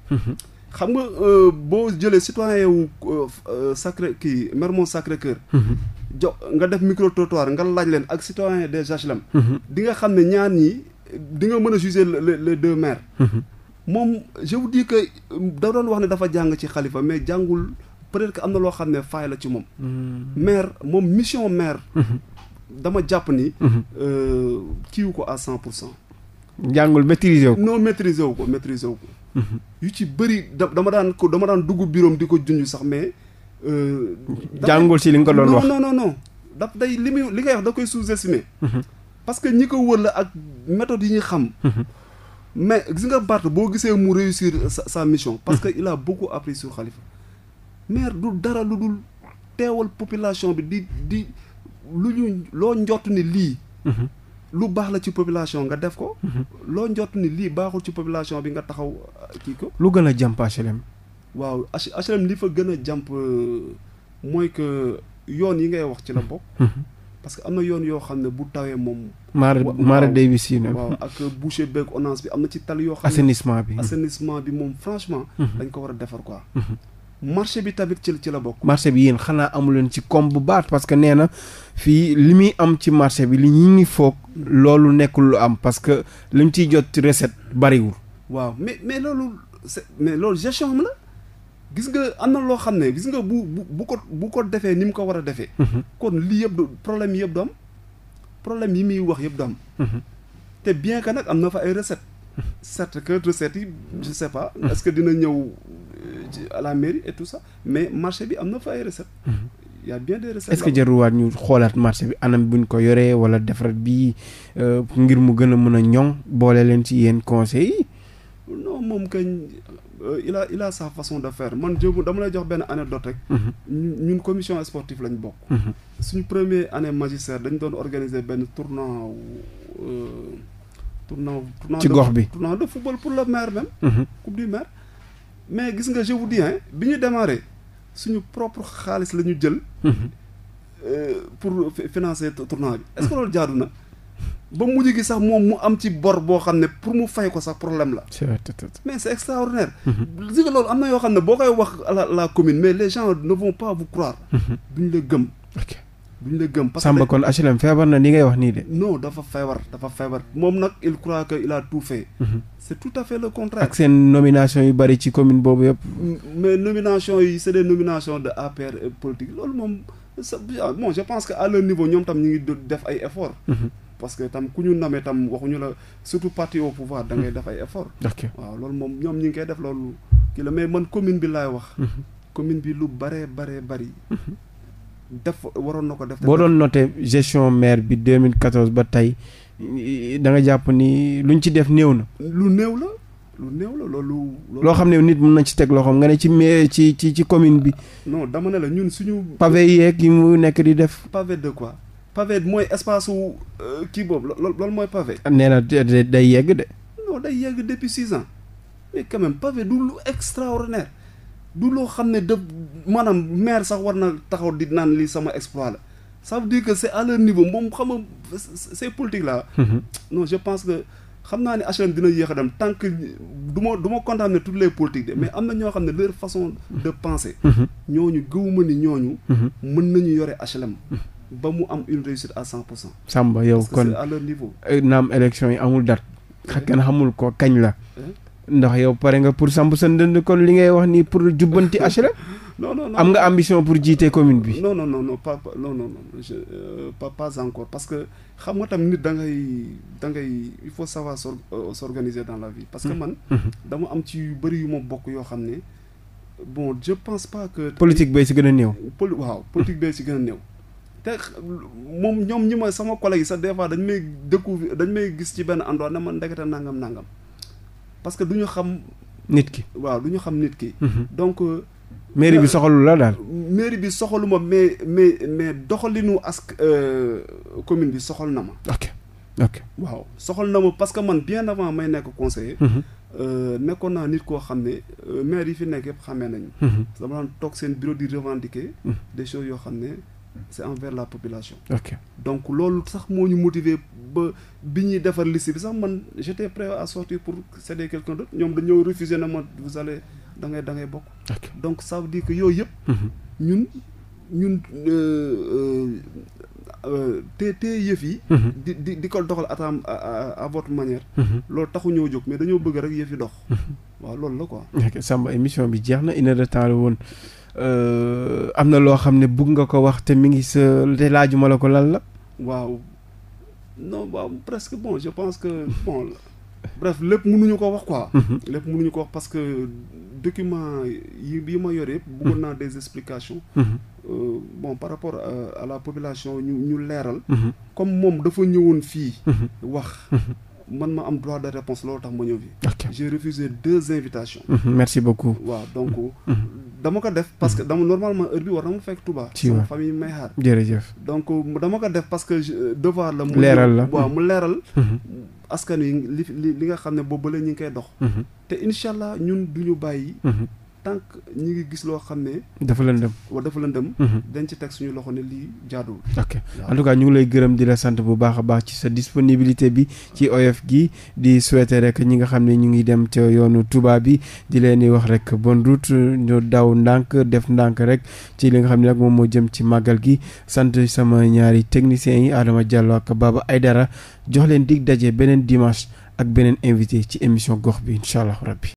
xam nga euh, boo jëlee citoyen wu euh, euh, Sacré kii Mermoz Sacré-Cœur mhm. jo nga def micro nga laaj leen ak citoyen des HLM mhm. di nga xam ne ñaan ñi di nga mën a juger les deux maires mhm. moom je vous dis que da doon wax ne dafa jàng ci xalifa mais jàngul peut-être que am na loo xam ne faay la ci moom maire moom mission maire dama jàpp ni kiiwu ko à cent pour cent jàngul maîtriser wu ko non maîtriser wu ko maîtriser wu ko yu ci bëri dama daan ko dama daan dugg biroom di ko junj sax mais. Euh, jàngul si li nga ko doon wax non non non. daf day li muy li ngay wax da koy sous-estimer. parce que ñi ko wër la ak méthode yi ñu xam. mais gis nga Barth boo gisee mu réussir sa sa mission. parce que il a beaucoup appris sur Khalifa. maire du dara lu dul teewal population bi di di lu ñu loo njot ni lii. lu baax la ci population nga def ko. Mhm. loo njot ni lii baaxul ci population bi nga taxaw euh, kii ko. lu gën a jàmp HLM. waaw HLM li fa gën a jàmp euh, mooy que yoon yi ngay wax ci la mhm. bokk. Mhm. parce que am na yoon yoo xam ne bu tawee moom. maar maara day bi si waaw ak boucher beeg onance bi am na ci tali yoo. xam ne assainissement bi assainissement bi moom franchement. dañ ko war a defar quoi. marché bi tamit ci ci la bokk. marché bi yéen xanaa amu leen ci koom bu baax parce que nee na fii li muy am ci marché bi li ñu ngi foog loolu nekkul lu am parce que li ñu ciy jot ci recette bariwul. waaw mais mais loolu mais loolu gestion la gis nga am na loo xam ne gis nga bu bu ko bu ko defee ni mu ko war a defee. Mhm. kon lii yëpp du problème yëpp du am problème yi muy wax yëpp du am. Mhm. te bien que nag am na fa ay recettes. Mhm. certes que recettes yi je sais pas. est que dina ñëw. à la mairie et tout ça mais marché bi am na fa ay recettes. Mhm. y a bien des recettes. est-ce que jaruwaat ñu xoolaat marché bi anam buñ ko yoree wala defarat bi euh, ngir mu gën a mën a ñoŋ boole leen ci yéen conseils yi. non moom kañ euh, il a sax a façon de faire man jëmu dama lay jox benn anecdote rek. Mhm. ñun commission sportive lañ bokk. Mhm. suñu premier année magistère dañ doon organiser benn tournoi euh, tournoi. ci gox bi tournoi de football pour le maire même. mais gis nga je vous bi ñu démarré suñu propre xaalis la ñu jël. Mhm. Euh, pour financer tournoi bi. est-ce que mhm. loolu jaadu na ba mujj gi sax moom mu am ci bor boo xam ne pour mu fay ko sax problème la. mais c'est extraordinaire. Mhm. gis nga loolu am na yoo xam ne boo koy wax la la commune mais les gens ne vont pas vous croire. ñu la gëm. duñ la gëm. parce que Samba kon HLM feebar na ni ngay wax nii de. no dafa feebar dafa feebar moom nag il croit que il a tout fait. Mhm. c' tout à fait le contraire. ak seen nomination yu bari ci commune boobu yëpp. Mm, mais nomination yi c' est des nominations de APR politique loolu moom sa ah, bon je pense que à leur niveau ñoom tam ñu ngi def ay efforts. Mhm. parce que tam ku ñu namee tam waxuñu la surtout parti au pouvoir da mhm. def ay efforts. waaw loolu moom ñoom ñu ngi koy def loolu kii la mais man commune bi laay wax. commune bi lu baree baree bari. def waroon na ko def. boo doon noté gestion maire bi 2014 ba tey da nga jàpp ni lu luñ ci def néew na. lu néew la lu néew la loolu. loo xam ne nit mun na ci teg loxoom nga ne ci maire ci ci ci commune bi. non dama ne la ñun suñu. pavé yeeg yi mu nekk di def. pavé de quoi. pavé mooy espace wu euh, kii boobu loolu mooy pavé. nee na day yegg de. non day yegg depuis six ans mais quand pavé du lu extraordinaire. du loo xam ne de maanaam maire sax war na taxaw di naan li sama exploit la sa veut dire que c' est à leur niveau moom xam nga ces politiques là. Mhm. non je pense que xam naa ne HLM dina yéex a dem tant que du ma du ma condamner les politiques de mais mhm. am na ñoo xam ne leur façon de penser. Mhm. ñooñu gëwuma ni ñooñu. mën nañu yore HLM. ba mu am une réussite à cent pour cent. Samba yow kon parce que c' est naam élection yi amul dar eh? xëy xamul ko kañ la. Eh? ndax yow pare nga pour samp sa ndënd kon li ngay wax nii pour jubbanti HLM. E? non non non am nga ambition pour jiite commune bi. non non non non pas non non non je euh, pas pas encore parce que xam nga tam nit da ngay da ngay il faut savoir s' euh, organiser dans la vie. parce que mmh. man. Mmh. dama am ci yu bëri yu ma bokk yoo xam ne bon je pense pas que. politique bay si gën a néew. poli waaw politique bay si gën a néew. te moom ñoom ñi ma sama collègue yi sax des fois dañ may découvrir dañ may gis ci benn endroit ne ma ndekete nangam nangam. parce que du ñu xam. nit ki waaw du ñu xam nit ki. Mhm. donc. Euh, mairie bi euh, soxalu la daal. mairie bi soxalu ma mais mais mais doxalinu ask euh, commune bi soxal na ma. ok ok waaw soxal na ma parce que man bien avant may nekk conseiller. Mhm. nekkoon naa nit koo xam ne maire yi fi nekk yëpp xamee nañu. Mhm. dama daan toog seen bureau di revendiquer. des choses yoo xam ne. c' est envers la population. ok donc loolu sax moo ñu motiver ba bi ñuy defar liste bi sax man j' étais prêt pour céder quelqu' un d' ñoom dañoo refuser na ma vous da ngay da ngay bokk. donc ça veut dire yooyu yëpp. Mhm. ñun ñun euh, euh, euh, te te yëf yi. Mhm. di di ko doxal atam à votre manière. Mhm. loolu taxu ñoo jóg mais dañoo bëgg rek yëf dox. waaw loolu la quoi. ok Samba émission bi jeex na une woon. Euh, am na loo xam ne bëgg nga ko wax te mi ngi sa te laajuma la ko lan la. waaw no waaw presque bon je pense que bon bref lépp mënuñu ko wax quoi. Mhm. lépp mënuñu ko wax parce que document yi yi ma yore yëpp. bëggoon mhm. naa des explications. Mhm. Euh, bon par rapport à, la population ñu ñu leeral. comme moom dafa ñëwoon fii. wax. man ma am droit de réponse loolu tax ma ñëw fii j'ai refusé deux invitations mhm, merci beaucoup waaw donc mhm, mhm. dama ko def parce que euh, dama ko def parce que euh, devoir la mu leeral la waaw mu leeral askan wi li li nga xam ne boobu la ñu ngi koy dox te incha ñun duñu bàyyi tant que ñu ngi gis loo xam ne. dafa lëndëm wala dafa lëndëm. Mhm. dañ ci teg suñu loxo ne lii jaaduwul. ok en tout cas ñu ngi lay gërëm di la sant bu baax a baax ci sa disponibilité bi ci oyof gi di souhaiter rek ñi nga xam ne ñu ngi dem ca yoonu tubaab bi di leen di wax rek bonne route ñu daw ndànk def ndànk rek ci li nga xam ne nag moom moo jëm ci màggal gi sant sama ñaari techniciens yi Adama Diallo ak Baba Aydara jox leen dig daje beneen dimanche ak beneen invité ci émission gox bi incha allah